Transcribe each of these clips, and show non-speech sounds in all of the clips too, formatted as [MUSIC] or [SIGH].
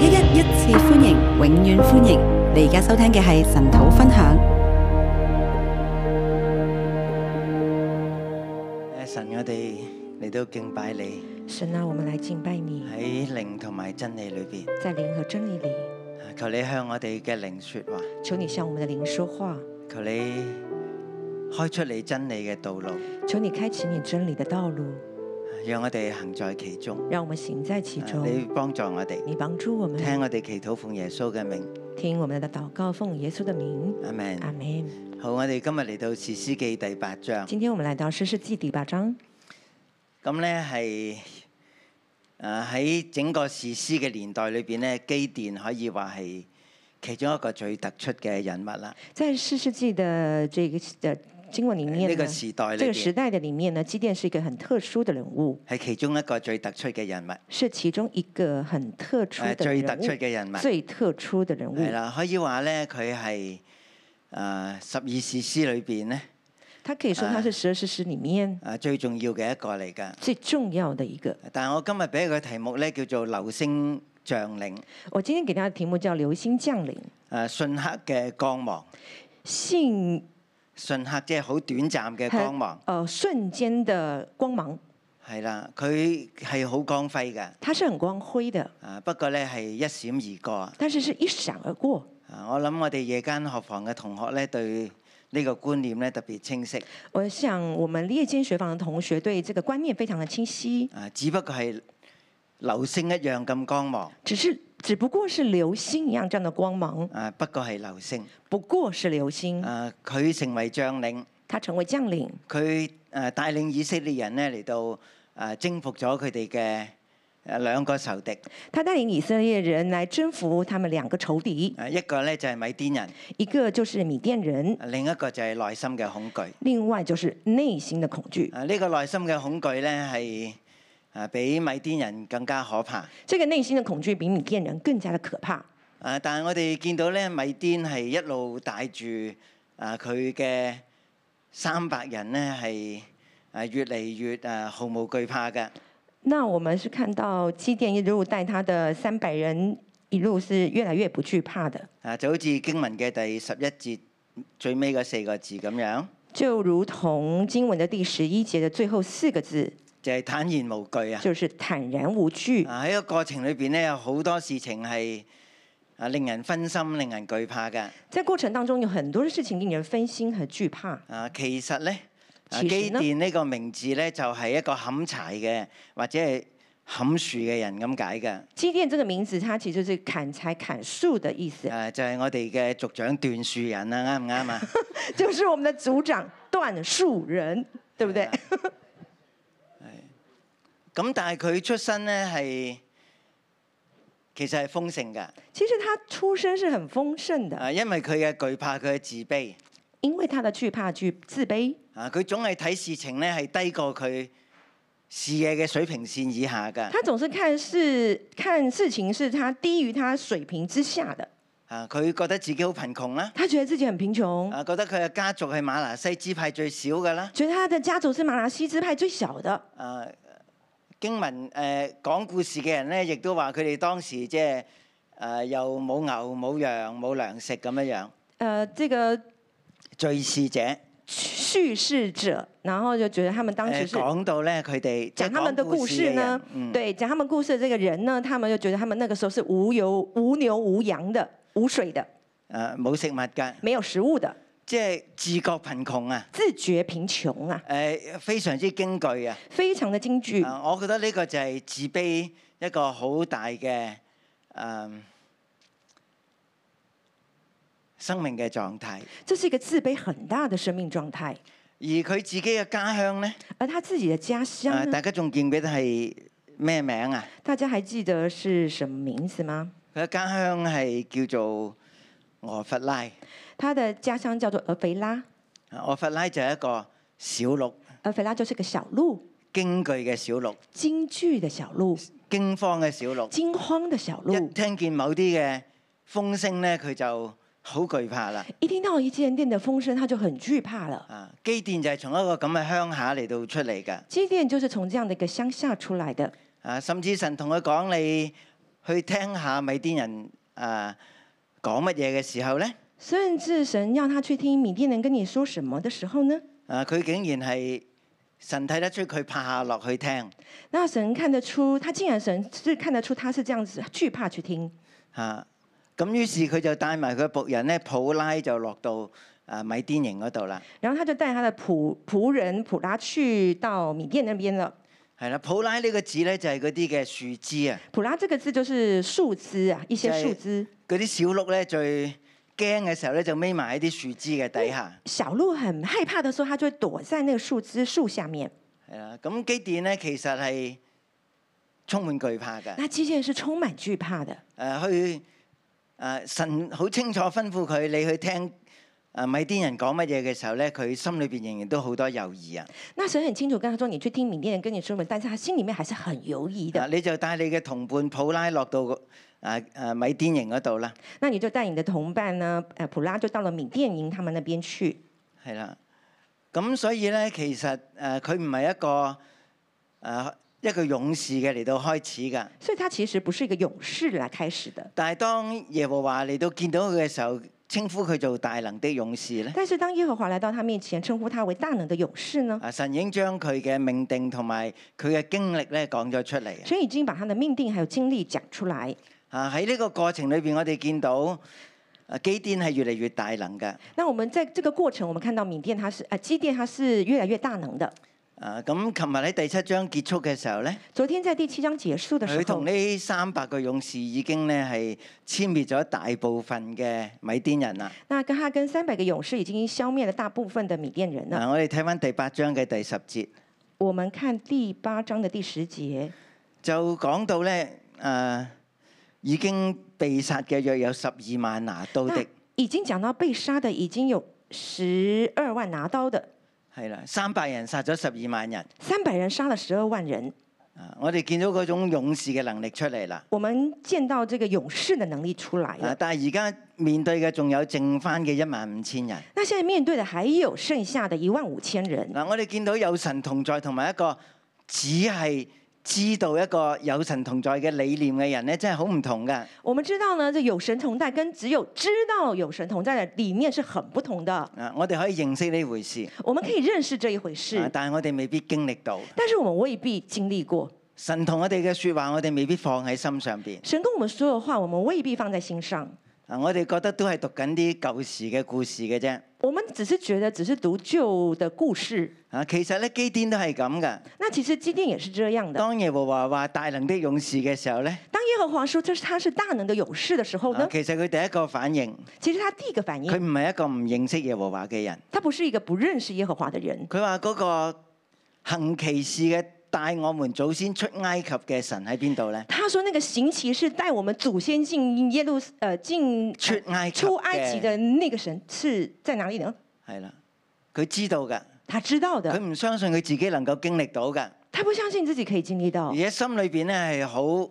一一一次歡迎，永遠歡迎！你而家收聽嘅係神土分享。神，我哋嚟到敬拜你。神啊，我們來敬拜你。喺靈同埋真理裏邊。在靈和真理裏。求你向我哋嘅靈說話。求你向我們的靈說話。求你開出你真理嘅道路。求你開啟你真理嘅道路。讓我哋行在其中，讓我們行在其中。你幫助我哋，你幫助我們聽我哋祈禱奉耶穌嘅名，聽我們的禱告奉耶穌嘅名。阿門，阿門。好，我哋今日嚟到《士師記》第八章。今天我們嚟到《士師記》第八章。咁咧係誒喺整個士師嘅年代裏邊咧，基甸可以話係其中一個最突出嘅人物啦。即士師記的這個經過裏面呢、這個時代，呢、這個時代嘅裏面呢，基甸是一個很特殊嘅人物，係其中一個最突出嘅人物，是其中一個很特殊嘅、啊、最突出嘅人物，最特殊嘅人物係啦，可以話咧佢係誒十二士師裏邊咧，他可以說他是十二士師裏面誒最重要嘅一個嚟噶，最重要嘅一,一個。但係我今日俾佢嘅題目咧叫做流星將領，我今天俾大家嘅題目叫流星將領，誒瞬刻嘅光芒，瞬。瞬刻即係好短暫嘅光芒，呃。瞬間的光芒。係啦，佢係好光輝嘅。它是很光輝的。啊，不過呢係一閃而過。但是是一閃而過。啊，我諗我哋夜間學房嘅同學呢，對呢個觀念呢特別清晰。我想我們夜間學房嘅同學對這個觀念非常的清晰。啊，只不過係流星一樣咁光芒。只是。只不過是流星一樣這樣的光芒。啊，不過係流星。不過是流星。啊，佢成為將領。他成為將領。佢誒帶領以色列人呢嚟到誒征服咗佢哋嘅兩個仇敵。他帶領以色列人嚟征服他們兩個仇敵。誒，一個呢就係米甸人，一個就是米甸人。另一個就係內心嘅恐懼。另外就是內心的恐懼。啊，呢、這個內心嘅恐懼呢係。啊，比米甸人更加可怕。這個內心的恐懼比米甸人更加的可怕。啊，但係我哋見到咧，米甸係一路帶住啊佢嘅三百人咧，係啊越嚟越啊毫無懼怕嘅。那我們是看到基甸一路帶他的三百人一路是越來越不懼怕的。啊，就好似經文嘅第十一節最尾嘅四個字咁樣。就如同經文的第十一節的最後四個字。就係、是、坦然無懼啊！就是坦然無懼。啊，喺個過程裏邊咧，有好多事情係啊令人分心、令人懼怕嘅。在過程當中，有很多嘅事情令人分心和懼怕。啊，其實咧，基電呢個名字咧，就係、是、一個砍柴嘅或者係砍樹嘅人咁解嘅。基電這個名字，它其實是砍柴砍樹的意思。誒，就係我哋嘅族長斷樹人啊，啱唔啱啊？就是我們的組長斷樹人，對唔對？ [LAUGHS] [LAUGHS] [LAUGHS] .咁、嗯、但係佢出身咧，係其實係豐盛嘅。其實他出身是很豐盛的。啊，因為佢嘅懼怕、佢嘅自卑。因為他嘅懼怕、自自卑。啊，佢總係睇事情咧係低過佢視野嘅水平線以下嘅。他總是看事，是是看，事看事情是他低於他水平之下的。啊，佢覺得自己好貧窮啦。他覺得自己很貧窮。啊，覺得佢嘅家族係馬來西支派最少嘅啦。覺得他的家族是馬來西支派，派最小的。啊。經文誒講、呃、故事嘅人咧，亦都話佢哋當時即係誒又冇牛冇羊冇糧食咁樣樣。誒、呃，這個敍事者，敘事者，然後就覺得他們當時誒講、呃、到咧，佢哋講他們的故事呢？嗯、對，講他們故事嘅這個人呢，他們就覺得他們那個時候是無油、無牛、無羊的、無水的。誒、呃，冇食物嘅，沒有食物的。即係自覺貧窮啊！自覺貧窮啊！誒、呃，非常之驚懼啊！非常的驚懼、呃。我覺得呢個就係自卑一個好大嘅、誒、嗯、生命嘅狀態。這是一個自卑很大的生命狀態。而佢自己嘅家鄉呢？而他自己嘅家鄉、呃、大家仲記唔記得係咩名啊？大家還記得是什麼名字嗎？佢嘅家鄉係叫做俄弗拉。他的家鄉叫做厄斐拉，厄斐拉就係一個小鹿。厄斐拉就是個小鹿，驚懼嘅小鹿，驚懼嘅小鹿，驚慌嘅小鹿，驚慌的小鹿。一聽見某啲嘅風聲咧，佢就好懼怕啦。一聽到一啲店嘅風聲，他就很懼怕啦。啊，基甸就係從一個咁嘅鄉下嚟到出嚟嘅。基甸就是從這樣的一個鄉下出嚟嘅。啊，甚至神同佢講，你去聽下咪啲人啊講乜嘢嘅時候咧？甚至神要他去聽米甸人跟你說什麼的時候呢？啊，佢竟然係神睇得出佢怕落去聽。那神看得出，他竟然神是看得出他是這樣子懼怕去聽。吓、啊，咁於是佢就帶埋佢僕人咧普拉就落到啊米甸營嗰度啦。然後他就帶他的僕僕人普拉去到米甸那邊啦。係啦，普拉呢個字咧就係嗰啲嘅樹枝啊。普拉這個字就是樹枝啊，一些樹枝。嗰、就、啲、是、小鹿咧最。驚嘅時候咧，就匿埋喺啲樹枝嘅底下。小鹿很害怕的時候，它就會躲在那個樹枝樹下面。係啦、啊，咁基甸咧，其實係充滿懼怕嘅。那基甸是充滿懼怕的。誒、啊，去誒、啊，神好清楚吩咐佢，你去聽。啊！米甸人講乜嘢嘅時候咧，佢心裏邊仍然都好多猶豫啊！那神很清楚，跟佢講你去聽米甸人跟你說話，但是他心裡面還是很猶豫的。嗱、你就帶你嘅同伴普拉落到啊啊米甸營嗰度啦。那你就帶你的同伴呢、啊？普拉就到了米甸營，他們那邊去。係啦、啊，咁所以呢，其實誒佢唔係一個誒、啊、一個勇士嘅嚟到開始㗎。所以他其實不是一個勇士嚟開始的。但係當耶和華嚟到見到佢嘅時候。稱呼佢做大能的勇士咧，但是當耶和華來到他面前，稱呼他為大能的勇士呢？啊，神已經將佢嘅命定同埋佢嘅經歷咧講咗出嚟。所以已經把他的命定還有經歷講出，出來。啊，喺呢個過程裏邊，我哋見到啊基甸係越嚟越大能噶。那我們在這個過程，我們看到米甸，他是啊基甸，他是越來越大能的。啊！咁，琴日喺第七章結束嘅時候呢，昨天在第七章結束嘅時候，佢同呢三百個勇士已經呢係殲滅咗大部分嘅米甸人啦。那他跟三百個勇士已經消滅了大部分的米甸人啦，啊。我哋睇翻第八章嘅第十節，我們看第八章嘅第十節，就講到呢啊，已經被殺嘅約有十二萬拿刀的。已經講到被殺的已經有十二萬拿刀的。係啦，三百人殺咗十二萬人。三百人殺了十二萬人。啊，我哋見到嗰種勇士嘅能力出嚟啦。我們見到這個勇士的能力出來。啊，但係而家面對嘅仲有剩返嘅一萬五千人。那現在面對的還有剩下的一萬五千人。嗱，我哋見到有神同在，同埋一個只係。知道一個有神同在嘅理念嘅人咧，真係好唔同㗎。我們知道呢，就有神同在，跟只有知道有神同在嘅理念是很不同的。啊，我哋可以認識呢回事。我們可以認識這一回事，但係我哋未必經歷到。但是我們未必經歷過。神同我哋嘅説話，我哋未必放喺心上面。神跟我們所有話，我們未必放在心上。啊，我哋覺得都係讀緊啲舊時嘅故事嘅啫。我們只是覺得，只是讀舊的故事。啊，其實咧，基甸都係咁噶。那其實基甸也是這樣的。當耶和華話大能的勇士嘅時候呢，當耶和華說，就是他是大能的勇士的時候呢？啊，其實佢第一個反應，其實他第一個反應，佢唔係一個唔認識耶和華嘅人，他不是一個不認識耶和華的人。佢話嗰個行奇事嘅。帶我們祖先出埃及嘅神喺邊度咧？他說：那個行奇是帶我們祖先進耶路，誒、呃、進出埃及嘅那個神是在哪裏呢？係啦，佢知道嘅。他知道的。佢唔相信佢自己能夠經歷到嘅。他不相信自己可以經歷到。而家心裏邊咧係好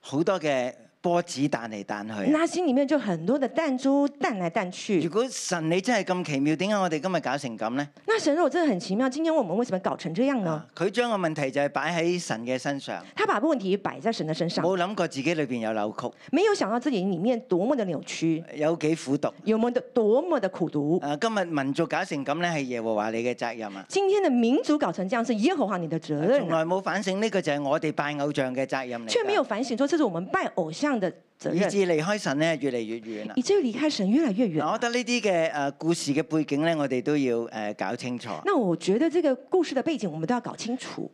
好多嘅。波子彈嚟彈去、啊，那心裏面就很多的彈珠彈來彈去。如果神你真係咁奇妙，點解我哋今日搞成咁呢？那神，我真係很奇妙，今天我們為什麼搞成這樣呢？佢將個問題就係擺喺神嘅身上。他把問題擺在神嘅身上。冇諗過自己裏邊有扭曲，沒有想到自己裏面多麼的扭曲，有幾苦毒，有冇得多麼的苦毒。誒、啊，今日民族搞成咁咧，係耶和華你嘅責任啊！今天的民族搞成這樣，是耶和華你的責任、啊。從來冇反省呢、這個就係我哋拜偶像嘅責任嚟、啊，卻沒有反省說這是我們拜偶像的、啊。以至離開神咧，越嚟越遠啦，以至離開神越嚟越遠。我覺得呢啲嘅誒故事嘅背景咧，我哋都要誒搞清楚。那我覺得這個故事嘅背景，我們都要搞清楚。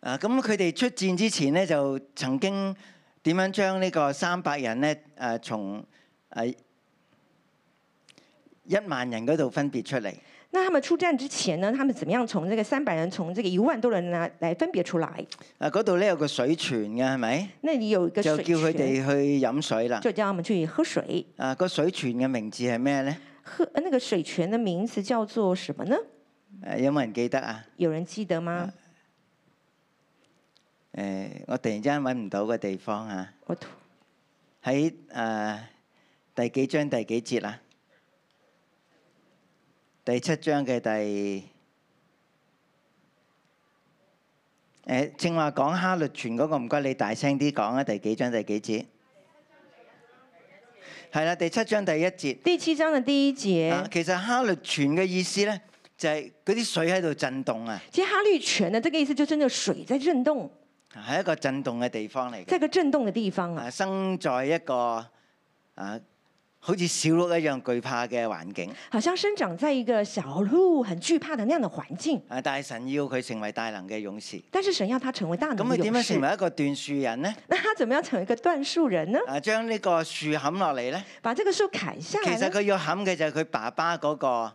啊，咁佢哋出戰之前咧，就曾經點樣將呢個三百人咧誒從誒一萬人嗰度分別出嚟。那他們出戰之前呢？他們怎麼樣從這個三百人，從這個一萬多人拿來分別出來？啊，嗰度咧有個水泉嘅係咪？那裏有個水泉。就叫佢哋去飲水啦。就叫他們去喝水。啊，那個水泉嘅名字係咩咧？喝，那個水泉的名字叫做什麼呢？誒、啊，有冇人記得啊？有人記得嗎？誒、啊，我突然之間揾唔到個地方啊！我喺誒、啊、第幾章第幾節啊？第七章嘅第，誒正話講哈律泉嗰個唔該，你大聲啲講啊！第幾章第幾節？係啦，第七章第一節。第七章嘅第一節，啊。其實哈律泉嘅意思咧，就係嗰啲水喺度震動啊。即係哈律泉啊，即個意思，就係呢水在震動。係一個震動嘅地方嚟。即係個震動嘅地方啊，啊。生在一個啊。好似小鹿一樣懼怕嘅環境，好像生長在一個小鹿很懼怕的那樣的環境。啊！但係神要佢成為大能嘅勇士。但是神要他成為大能的勇士。咁佢點樣成為一個斷樹人呢？那他怎麼要成為一個斷樹人呢？啊！將呢個樹砍落嚟咧，把這個樹砍下來。其實佢要砍嘅就係佢爸爸嗰，那個。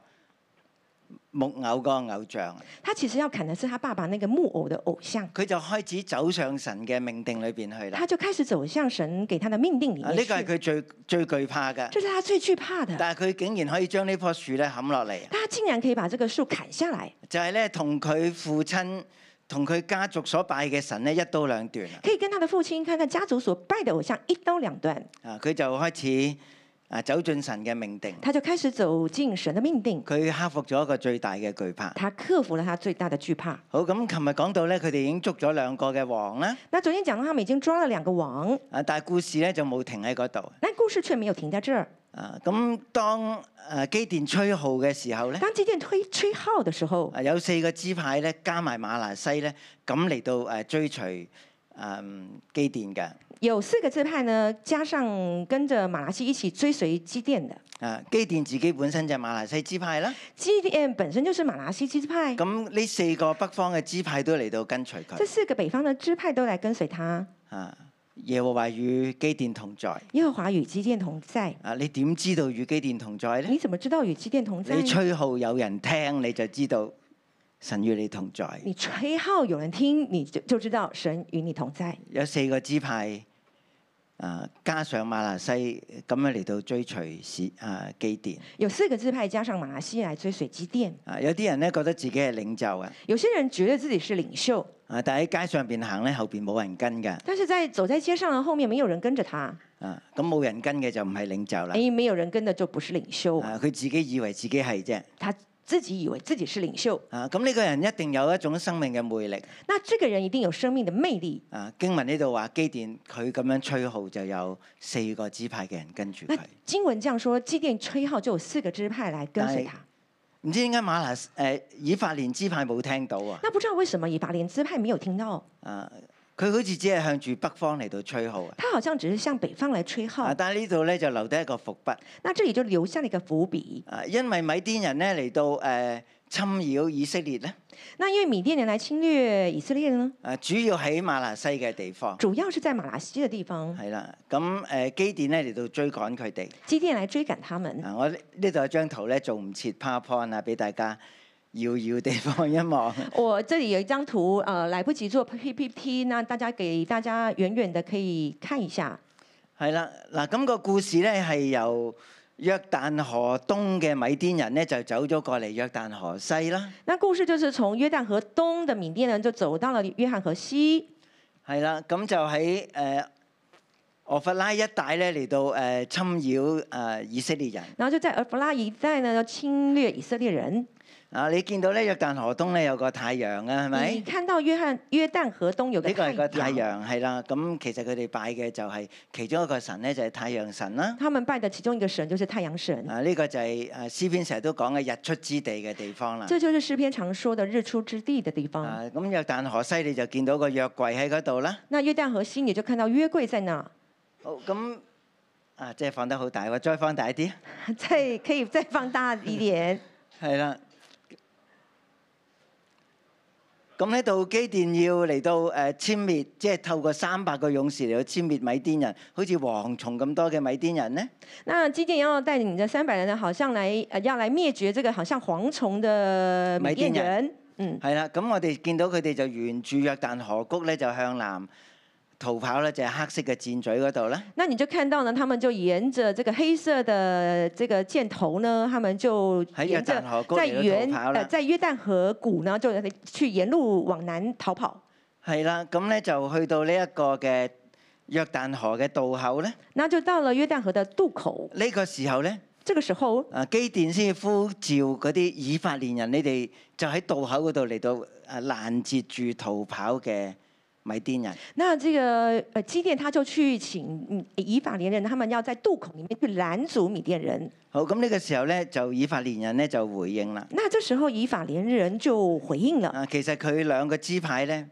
木偶個偶像，他其實要砍的是他爸爸那個木偶的偶像。佢就開始走上神嘅命定裏邊去啦。他就開始走向神給他的命定裏面呢、啊呢個係佢最最懼怕嘅。就是他最懼怕的。但係佢竟然可以將呢棵樹咧砍落嚟。他竟然可以把這個樹砍下來。就係、是、咧，同佢父親、同佢家族所拜嘅神咧，一刀兩斷。可以跟他的父親、看看家族所拜的偶像一刀兩斷。啊，佢就開始。啊！走進神嘅命定，他就開始走進神嘅命定。佢克服咗一個最大嘅懼怕，他克服了他最大嘅懼怕。好咁，琴日講到咧，佢哋已經捉咗兩個嘅王啦。那昨天講到，到他們已經抓了兩個王，啊！但係故事咧就冇停喺嗰度。但故事卻沒有停在這兒。啊，咁當誒基、啊、甸吹號嘅時候咧？當基甸吹吹號的時候，啊、有四個支派咧，加埋瑪拿西咧，咁嚟到誒、啊、追隨誒基甸嘅。有四個支派呢，加上跟着瑪拿西一起追隨基甸的。啊，基甸自己本身就係瑪拿西支派啦。基甸本身就是瑪拿西支派。咁、嗯、呢四個北方嘅支派都嚟到跟隨佢。即四個北方嘅支派都嚟跟隨他。啊，耶和華與基甸同在。耶和華與基甸同在。啊，你點知道與基甸同在呢？你怎麼知道與基甸同在？你吹號有人聽，你就知道神與你同在。你吹號有人聽，你就就知道神與你同在。有四個支派。啊！加上馬拉西咁樣嚟到追隨是啊基甸，有四個支派加上馬拉西來追隨基甸。啊，有啲人咧覺得自己係領袖啊；有些人覺得自己是領袖。啊，但喺街上邊行咧，後邊冇人跟嘅。但是在走在街上咧，後面沒有人跟着他。啊，咁冇人跟嘅就唔係領袖啦。哎，沒有人跟的就不是領袖。啊，佢自己以為自己係啫。自己以為自己是領袖啊！咁呢個人一定有一種生命嘅魅力。那這個人一定有生命的魅力啊！經文呢度話基甸佢咁樣吹號就有四個支派嘅人跟住佢。經文這樣說，基甸吹號就有四個支派來跟隨他。唔知點解馬拉誒、呃、以法蓮支派冇聽到啊？那不知道為什麼以法蓮支派沒有聽到啊？啊佢好似只係向住北方嚟到吹號、啊。佢好像只是向北方嚟吹號。啊！但係呢度咧就留低一個伏筆。那這裡就留下了一個伏筆。啊！因為米甸人咧嚟到誒、呃、侵擾以色列咧。那因為米甸人嚟侵略以色列呢？誒、啊，主要喺瑪拿西嘅地方。主要是在瑪拿西嘅地方。係啦，咁誒、呃、基甸咧嚟到追趕佢哋。基甸嚟追趕他們。嗱、啊，我張呢度有張圖咧，做唔切 PowerPoint 啊，俾大家。遙遙地方音樂， [LAUGHS] 我這裡有一張圖，呃，來不及做 PPT，那大家給大家遠遠的可以看一下。係啦，嗱，咁個故事咧係由約旦河東嘅米甸人咧就走咗過嚟約旦河西啦。那個、故事就是從約旦河東嘅米甸人就走到了約翰河西。係啦，咁就喺誒俄弗拉一帶咧嚟到誒、呃、侵擾誒、呃、以色列人。然後就在俄弗拉一帶呢侵略以色列人。啊！你見到咧約旦河東咧有個太陽啊，係咪？你看到約翰約旦河東有個太陽？呢個係個太陽，係啦。咁其實佢哋拜嘅就係、是、其中一個神咧，就係太陽神啦。他們拜嘅其中一個神就是太陽神。啊，呢、這個就係誒詩篇成日都講嘅日出之地嘅地方啦。這就是詩篇常說的日出之地嘅地方。咁、啊、約旦河西你就見到個約櫃喺嗰度啦。那約旦河西你就看到約櫃在哪？好咁啊！即係放得好大喎，再放大啲。即係可以再放大啲。點。啦。 [LAUGHS] [LAUGHS] 咁呢度基甸要嚟到誒殲滅，即係透過三百個勇士嚟到殲滅米甸人，好似蝗蟲咁多嘅米甸人咧。那基甸要帶領這三百人，好像來、呃、要嚟滅絕這個好像蝗蟲嘅米甸人，人。嗯，係啦、啊，咁我哋見到佢哋就沿住約旦河谷咧，就向南。逃跑咧就係、是、黑色嘅箭嘴嗰度啦。那你就看到呢，他們就沿着這個黑色的這個箭頭呢，他們就喺旦沿着在，在約、呃、在約旦河谷呢，就去沿路往南逃跑。係啦，咁呢，就去到呢一個嘅約旦河嘅渡口呢。那就到了約旦河的渡口。呢、這個時候呢，這個時候，啊，基甸先要呼召嗰啲以法蓮人，你哋就喺渡口嗰度嚟到啊攔截住逃跑嘅米甸人，那這個，呃、基甸他就去請以法蓮人，他們要在渡口裡面去攔阻米甸人。好，咁呢個時候咧，就以法蓮人咧就回應啦。那這時候以法蓮人就回應了。啊，其實佢兩個支派咧。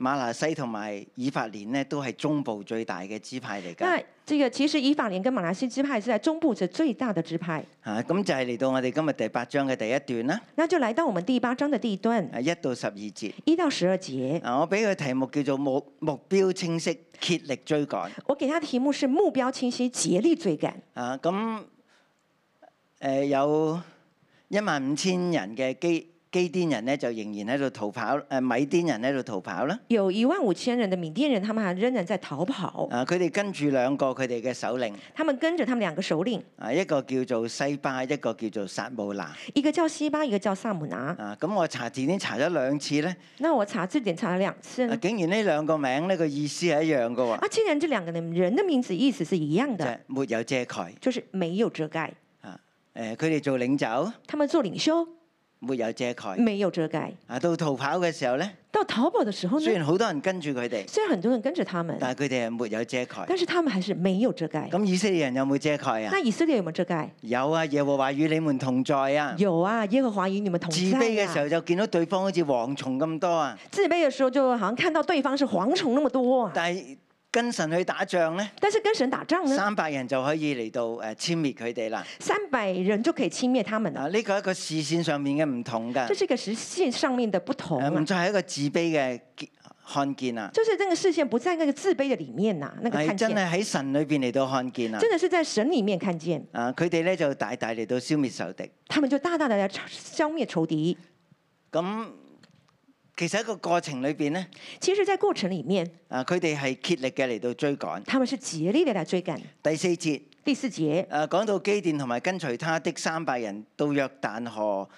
馬來西同埋以法蓮都係中部最大嘅支派嚟噶。那這個其實以法蓮跟瑪拿西支派是在中部最大的支派。啊，咁就係嚟到我哋今日第八章嘅第一段啦。那就來到我們第八章的第一段。啊，一到十二節。一到十二節。啊，我俾個題目叫做目目標清晰，竭力追趕。我給他的題目是目標清晰，竭力追趕。啊，咁誒、呃、有一萬五千人嘅基。基甸人咧就仍然喺度逃跑，誒、啊、米甸人喺度逃跑啦。有一萬五千人的米甸人，他們還仍然在逃跑。啊，佢哋跟住兩個佢哋嘅首領。他們跟着他們兩個首領。啊，一個叫做西巴，一個叫做撒母拿。一個叫西巴，一個叫撒母拿。啊，咁我查字典查咗兩次咧。那我查字典查咗兩次。竟然呢兩個名呢個意思係一樣嘅喎。啊，竟然這兩呢個、啊、竟然這兩個人嘅名字意思是一樣的。就是、沒有遮蓋。就是沒有遮蓋。啊，誒、呃，佢哋做領袖。他們做領袖。沒有遮蓋，沒有遮蓋。啊，到逃跑嘅時候咧，到逃跑的時候，的時候，雖然好多人跟住佢哋，雖然很多人跟着他們，但係佢哋係沒有遮蓋。但是他們還是沒有遮蓋。咁以色列人有冇遮蓋啊？那以色列有冇遮蓋？有啊，耶和華與你們同在啊。有啊，耶和華與你們同在啊。自卑嘅時候就見到對方好似蝗蟲咁多啊。自卑嘅時候就好像看到對方是蝗蟲那麼多啊。但係。跟神去打仗咧？但是跟神打仗咧？三百人就可以嚟到誒，殲滅佢哋啦。三百人就可以殲滅他們啊？呢、這個係一個視線上面嘅唔同㗎。這是一個視線上面嘅不同啊。就、啊、係一個自卑嘅看見啊？就是呢個視線不在那個自卑嘅裡面啊，真係喺神裏邊嚟到看見啊？真的是在神裡面看見啊。啊，佢哋咧就大大嚟到消滅仇敵。他們就大大的嚟消滅仇敵。咁。其實一個過程裏邊呢，其實在過程裡面，啊，佢哋係竭力嘅嚟到追趕，他們是竭力嘅嚟追趕。第四節，第四節，啊，講到基甸同埋跟隨他的三百人到約旦河。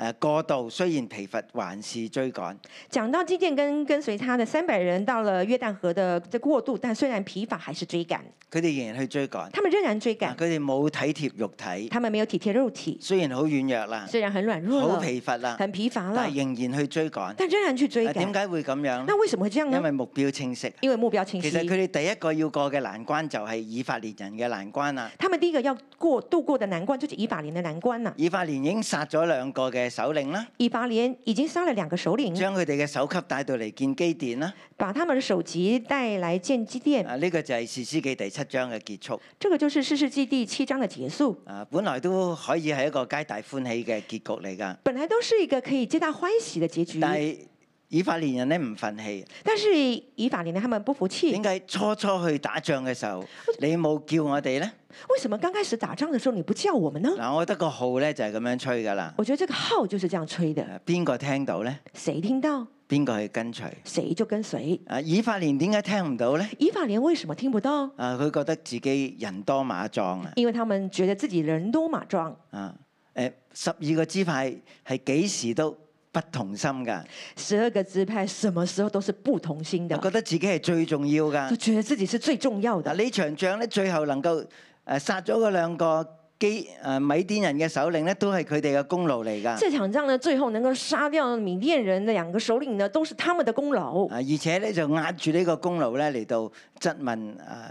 誒過度，雖然疲乏，還是追趕。講到基甸跟跟隨他的三百人到了約旦河的這過渡，但雖然疲乏，還是追趕。佢哋仍然去追趕。他們仍然追趕。佢哋冇體貼肉體。他們沒有體貼肉體。雖然好軟弱啦。雖然很軟弱。好疲乏啦。很疲乏啦。但仍然去追趕。但仍然去追趕。點解、啊、會咁樣？那為什麼會這樣呢？因為目標清晰。因為目標清晰。其實佢哋第一個要過嘅難關就係以法蓮人嘅難關啦、啊。他們第一個要過度過的難關就是以法蓮的難關啦、啊。以法蓮已經殺咗兩個嘅首領啦，二八年已經殺了兩個首領，將佢哋嘅首級帶到嚟見基甸，啦，把他們嘅首級帶來見基甸。啊，呢個就係士師記第七章嘅結束。這個就是士師記第七章的結束。啊，本來都可以係一個皆大歡喜嘅結局嚟噶本來都是一個可以皆大歡喜的結局。以法蓮人咧唔忿氣，但是以法蓮咧，他們不服氣。點解初初去打仗嘅時候，你冇叫我哋呢？為什麼剛開始打仗嘅時候你不叫我們呢？嗱，我覺得個號咧就係咁樣吹噶啦。我覺得這個號就是這樣吹的。邊個聽到呢？誰聽到？邊個去跟隨？誰就跟隨？啊，以法蓮點解聽唔到呢？以法蓮為什麼聽不到？啊，佢覺得自己人多馬壯啊，因為他們覺得自己人多馬壯。啊，誒，十二個支派係幾時都，不同心噶，十二個支派什麼時候都是不同心噶。我覺得自己係最重要噶，就覺得自己是最重要的。嗱，呢場仗咧，最後能夠誒殺咗嗰兩個基誒、啊、米甸人嘅首領咧，都係佢哋嘅功勞嚟噶。呢場仗呢，最後能夠殺掉米甸人兩個首領呢，都是他們的功勞。啊，而且咧就壓住呢個功勞咧嚟到質問誒誒、啊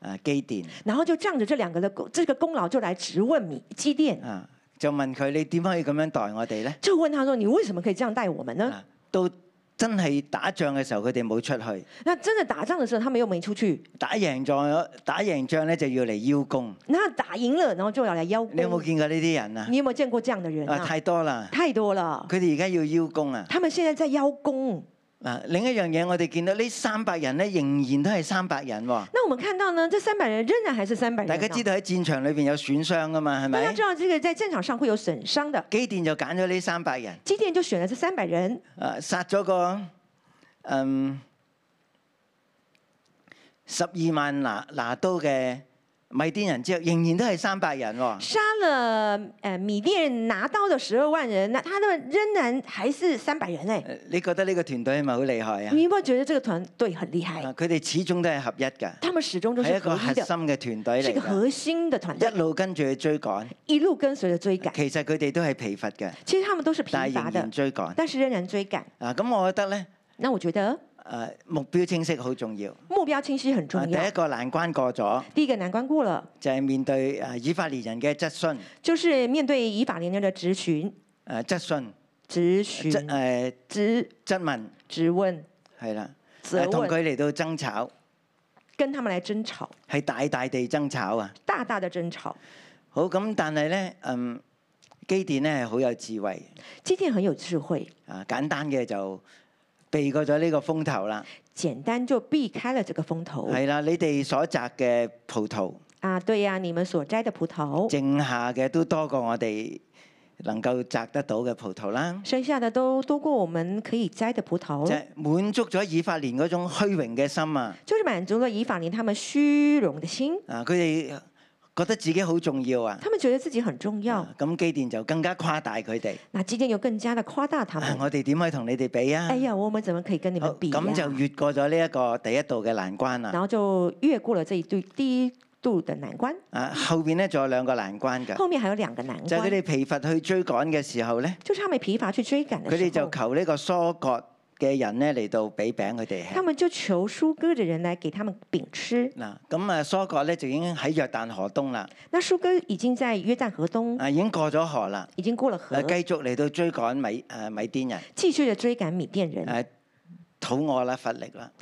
啊、基甸。然後就仗着這兩個的功，這個功勞就來質問米基甸。啊就問佢：「你點可以咁樣待我哋呢？」就問他說：「說你為什麼可以這樣待我們呢？到真係打仗嘅時候，佢哋冇出去。那真的打仗嘅時候，他們又冇出去。打贏仗，打贏仗呢就要嚟邀功。那打贏了，然後就要嚟邀，邀功。你有冇見過呢啲人啊？你有冇見過這樣的人啊？太多啦！太多啦！佢哋而家要邀功啊！他們現在在邀功。啊、另一樣嘢，我哋見到呢三百人咧，仍然都係三百人喎、哦。那我們看到呢，這三百人仍然還是三百人、啊。大家知道喺戰場裏面有損傷㗎嘛，係咪？大家知道，這個在戰場上會有損傷的。基甸就揀咗呢三百人。基甸就選咗這三百人。誒，殺咗個嗯十二萬拿拿刀嘅。米甸人之後仍然都係三百人喎、哦。殺了誒、呃、米甸拿刀的十二萬人，那他都仍然還是三百人誒、哎。你覺得呢個團隊係咪好厲害啊？你唔覺得？覺得這個團隊很厲害。佢哋始終都係合一㗎。他們始終都係合一的。係一個核心嘅團隊嚟。係個核心的團隊。一路跟住去追趕。一路跟隨着追趕。其實佢哋都係疲乏嘅。其實他們都是疲乏的。但仍然追趕，但是仍然追趕。啊，咁我覺得咧。那我覺得。誒，目標清晰好重要。目標清晰很重要。第一個難關過咗。第二個難關過了。就係面對誒以法蓮人嘅質詢。就是面對以法蓮人嘅質詢。誒、就是，質詢。質詢。誒，質質問。質問。係啦。同佢嚟到爭吵。跟他們嚟爭吵。係大大地爭吵啊！大大的爭吵。好咁，但係咧，嗯，基甸咧係好有智慧。基甸很有智慧。啊，簡單嘅就。避過咗呢個風頭啦，簡單就避開了這個風頭。係啦、啊，你哋所摘嘅葡萄，啊，對呀、啊，你們所摘的葡萄，剩下嘅都多過我哋能夠摘得到嘅葡萄啦。剩下的都多過我們可以摘的葡萄，就滿、是、足咗以法蓮嗰種虛榮嘅心啊！就是滿足咗以法蓮他們虛榮的心啊！佢、啊、哋。覺得自己好重要啊！他們覺得自己很重要。咁、啊、基甸就更加誇大佢哋。嗱，基甸又更加嘅誇大佢哋、啊、我哋點可以同你哋比啊？哎呀，我們怎麼可以跟你們比啊？咁、啊、就越過咗呢一個第一度嘅難關啦。然後就越過咗這一對第一度嘅難關。啊，後邊咧仲有兩個難關㗎。後面還有兩個難關。就佢、是、哋疲乏去追趕嘅時候咧。就差、是、咪疲乏去追趕嘅佢哋就求呢個疏割。嘅人咧嚟到俾餅佢哋係，他們就求蘇哥嘅人來給他們餅吃。嗱，咁啊，蘇哥咧就已經喺約旦河東啦。那蘇哥已經在約旦河東啊，已經過咗河啦，已經過了河，繼續嚟到追趕米誒、啊、米甸人，繼續的追趕米甸人。誒，肚餓啦，乏力啦，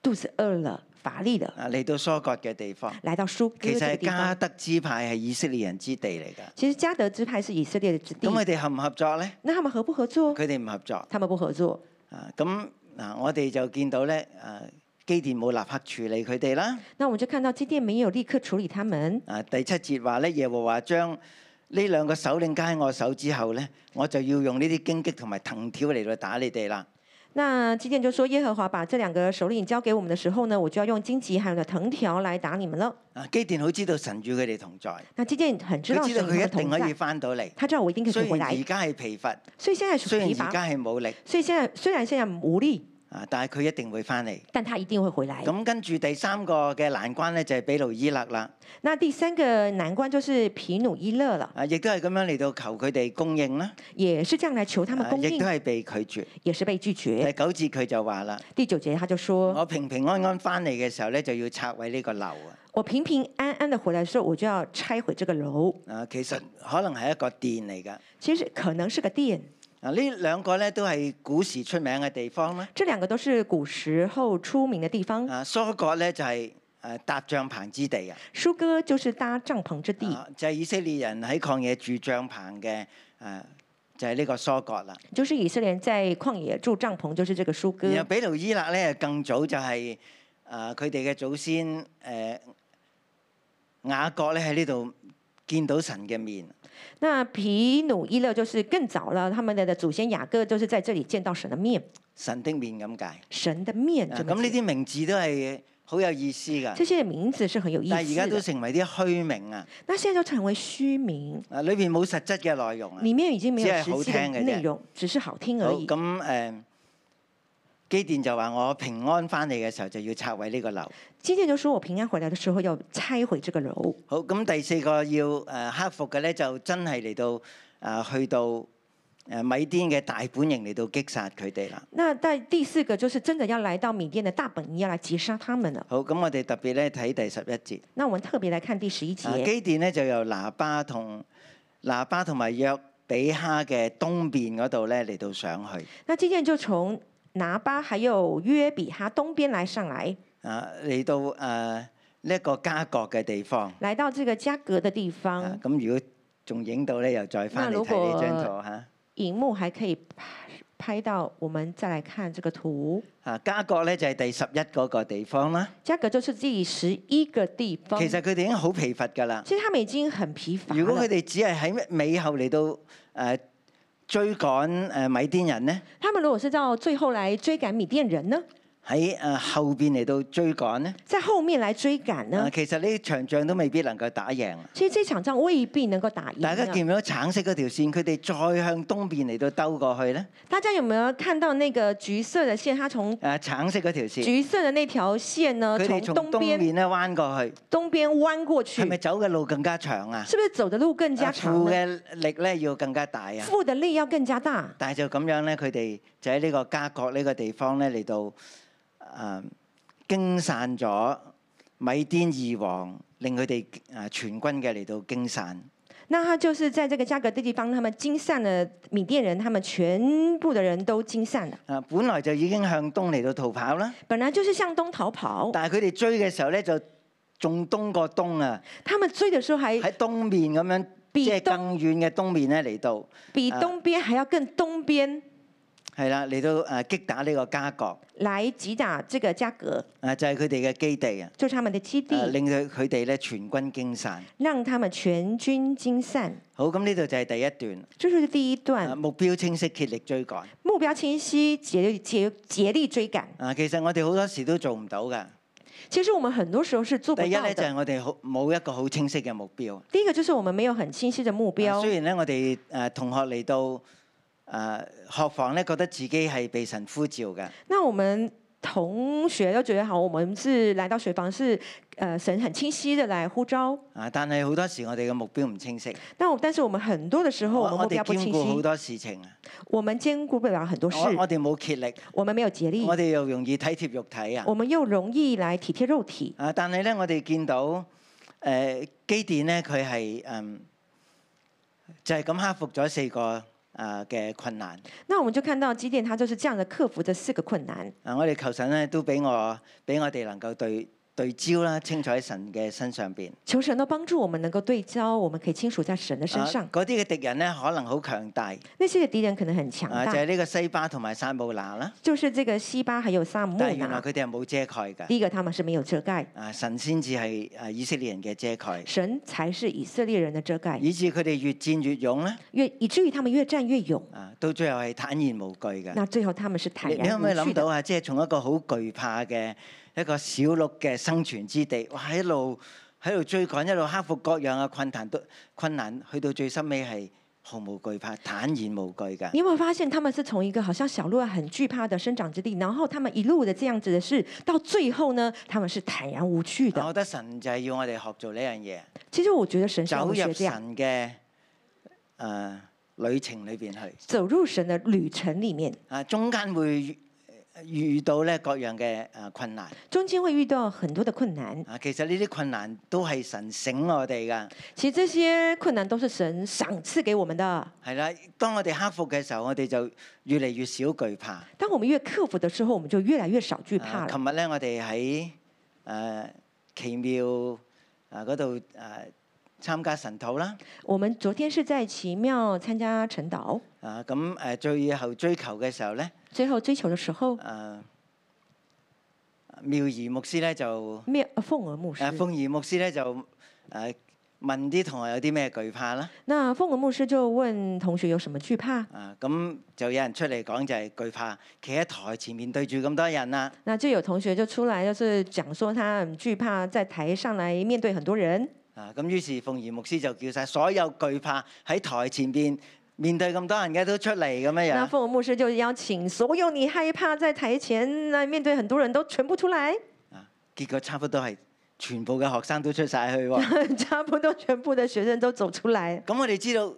肚子餓了，乏力啦。啊，嚟到蘇哥嘅地方，來到蘇。其實加德支派係以色列人之地嚟㗎。其實加德支派係以色列嘅之地。咁佢哋合唔合作咧？那他們合不合作？佢哋唔合作，他們不合作。啊，咁嗱、啊，我哋就見到咧，啊，基甸冇立刻處理佢哋啦。那我就看到基甸沒有立刻處理他們。啊，第七節話咧，耶和華將呢兩個首領加喺我手之後咧，我就要用呢啲荊棘同埋藤條嚟到打你哋啦。那基甸就說：“耶和華把這兩個首領交給我們的時候呢，我就要用荊棘還有藤條來打你們了。”啊，基甸好知道神與佢哋同在。那基甸很知道佢知道佢一定可以翻到嚟。他知道我已經可以回來。雖然而家係疲乏，所以現在是雖然而家係冇力，所以現在雖然現在唔無力。但係佢一定會翻嚟，但他一定會回來。咁跟住第三個嘅難關咧，就係比努伊勒啦。那第三個難關就是皮努伊勒了。啊，亦都係咁樣嚟到求佢哋供應啦。也是這樣來求他們供應，亦都係被拒絕，也是被拒絕。第九節佢就話、是、啦，第九節他就說我平平安安翻嚟嘅時候咧，就要拆毀呢個樓啊。我平平安安的回來的時候，我就要拆毀這個樓。啊，其實可能係一個殿嚟噶。其實可能是個殿。嗱，呢兩個咧都係古時出名嘅地方啦。這兩個都是古時候出名嘅地方。啊，疏割咧就係、是、誒、啊、搭帳篷之地啊。疏割就是搭帳篷之地。就係以色列人喺曠野住帳篷嘅誒，就係呢個疏割啦。就是以色列人在曠野住帳篷、啊，就是這個疏割、就是。然後毗努伊勒咧更早就係誒佢哋嘅祖先誒、啊、雅各咧喺呢度見到神嘅面。那皮努伊勒就是更早啦，他們的祖先雅各就是在這裏見到神的面。神的面咁解？神的面。啊，咁呢啲名字都係好有意思噶。這些名字是很有意思。但係而家都成為啲虛名啊。那現在就成為虛名。啊，裏邊冇實質嘅內容。啊，裏面已經沒有實質好聽嘅內容，只是好聽而已。好。咁誒。基甸就話我平安翻嚟嘅時候，就要拆毀呢個樓。基甸就說我平安回來嘅時、時候要拆毀這個樓。好，咁第四個要誒克服嘅咧，就真係嚟到誒、啊、去到誒米甸嘅大本營嚟到擊殺佢哋啦。那第第四個就是真的要來到米甸嘅大本營，要來截殺他們啦。好，咁我哋特別咧睇第十一節。那我們特別嚟看第十一節。基甸咧就由拿巴同拿巴同埋約比哈嘅東邊嗰度咧嚟到上去。那基甸就從拿巴，還有約比哈東邊來上來，啊，嚟到誒呢一個加各嘅地方，嚟到呢個加各嘅地方。咁如果仲影到咧，又再翻嚟睇呢張圖吓。熒幕還可以拍到，我們再來看這個圖。啊，加各咧就係第十一嗰個地方啦。加各就是第十一個地方。其實佢哋已經好疲乏噶啦。其實他們已經很疲乏。如果佢哋只係喺尾後嚟到誒。追趕誒米甸人呢？他們如果是到最後來追趕米甸人呢？喺誒後邊嚟到追趕咧，在後面嚟追趕咧。其實呢場仗都未必能夠打贏。所以呢場仗未必能夠打贏。大家見唔見到橙色嗰條線？佢哋再向東邊嚟到兜過去咧。大家有冇有看到那個橘色嘅線？它從誒橙色嗰條線，橘色嘅那條線，線呢？佢從東邊呢彎過去。東邊彎過去，係咪走嘅路更加長啊？係咪走嘅路更加長？負、啊、嘅力咧要更加大啊！負嘅力要更加大、啊。但係就咁樣咧，佢哋就喺呢個加角呢個地方咧嚟到。誒、啊、驚散咗米甸二王，令佢哋誒全軍嘅嚟到驚散。那他就是在這個加格的地方，幫他們驚散了米甸人，他們全部的人都驚散了。啊，本來就已經向東嚟到逃跑啦。本來就是向東逃跑。但係佢哋追嘅時候咧，就仲東過東啊。他們追嘅時候喺喺東面咁樣，即係、就是、更遠嘅東面咧嚟到。比東邊還要更東邊。啊。係啦，嚟到誒擊打呢個家國，嚟、啊、指打這個家國。誒就係佢哋嘅基地啊，就係、是、他們嘅基地，啊、令到佢哋咧全軍驚散，讓他們全軍驚散。好，咁呢度就係第一段，就是第一段、啊、目標清晰，竭力追趕。目標清晰，竭力竭力追趕。啊，其實我哋好多時都做唔到嘅。其實我們很多時候是做不到。第一呢就係、是、我哋好冇一個好清晰嘅目標。第一個就是我們沒有很清晰嘅目標。啊、雖然呢，我哋誒、啊、同學嚟到。誒、啊、學房咧，覺得自己係被神呼召嘅。那我們同學都覺得好，我們是來到學房是，是、呃、誒神很清晰地來呼召。啊！但係好多時我哋嘅目標唔清晰。但係，但是我們很多的時候我，我我哋兼顧好多事情。我們兼顧不了很多事。我我哋冇竭力。我們沒有竭力。我哋又容易體貼肉體啊。我們又容易來體貼肉體。啊！但係咧，我哋見到誒、呃、基甸呢，佢係誒就係、是、咁克服咗四個啊嘅困難，那我們就看到基電，他就是這樣的克服這四個困難。啊！我哋求神呢，都俾我，俾我哋能夠對。對焦啦，清楚喺神嘅身上邊。求神都幫助我們能夠對焦，我們可以清楚在神嘅身上。嗰啲嘅敵人咧，可能好強大。呢些嘅敵人可能很強大。就係、是、呢個西巴同埋撒姆拿啦。就是呢個西巴還有撒姆拿。原來佢哋係冇遮蓋㗎。呢一個他們是沒有遮蓋。啊，神先至係啊以色列人嘅遮蓋。神才是以色列人嘅遮蓋，以至佢哋越戰越勇啦。越以至於他們越戰越勇。啊，到最後係坦然無懼嘅。那最後他們是坦然你。你可唔可以諗到啊？即係從一個好懼怕嘅。一個小鹿嘅生存之地，哇！一路喺度追趕，一路克服各樣嘅困難，都困難，去到最深尾係毫無懼怕，坦然無懼嘅。你有冇發現？他們係從一個好像小鹿很懼怕的生長之地，然後他們一路的這樣子的事，到最後呢，他們是坦然無懼。的。我覺得神就係要我哋學做呢樣嘢。其實我覺得神，神走入神嘅誒、呃、旅程裏邊去，走入神的旅程裡面。啊，中間會。遇到咧各樣嘅誒困難，中間會遇到很多的困難。啊，其實呢啲困難都係神醒我哋噶。其實這些困難都是神賞賜給我們的。係啦，當我哋克服嘅時候，我哋就越嚟越少懼怕。當我們越克服的時候，我們就越來越少懼怕啦。琴、啊、日咧，我哋喺誒奇妙啊嗰度誒。呃參加神道啦！我們昨天是在奇妙參加神道啊。咁誒，最後追求嘅時候咧，最後追求的時候，最後的時候啊，妙兒牧師咧就咩？鳳兒牧師啊，鳳兒牧師咧就誒、啊、問啲同學有啲咩懼怕啦。那鳳兒牧師就問同學有什麼懼怕啊？咁就有人出嚟講就係懼怕，企喺台前面對住咁多人啦、啊。那就有同學就出來，就是講說他懼怕在台上來面對很多人。啊！咁於是鳳兒牧師就叫晒所有懼怕喺台前邊面，面對咁多人嘅都出嚟咁樣樣。那鳳兒牧師就邀請所有你害怕在台前啊，面對很多人都全部出來。啊，結果差唔多係全部嘅學生都出晒去 [LAUGHS] 差唔多全部嘅學生都走出嚟。咁我哋知道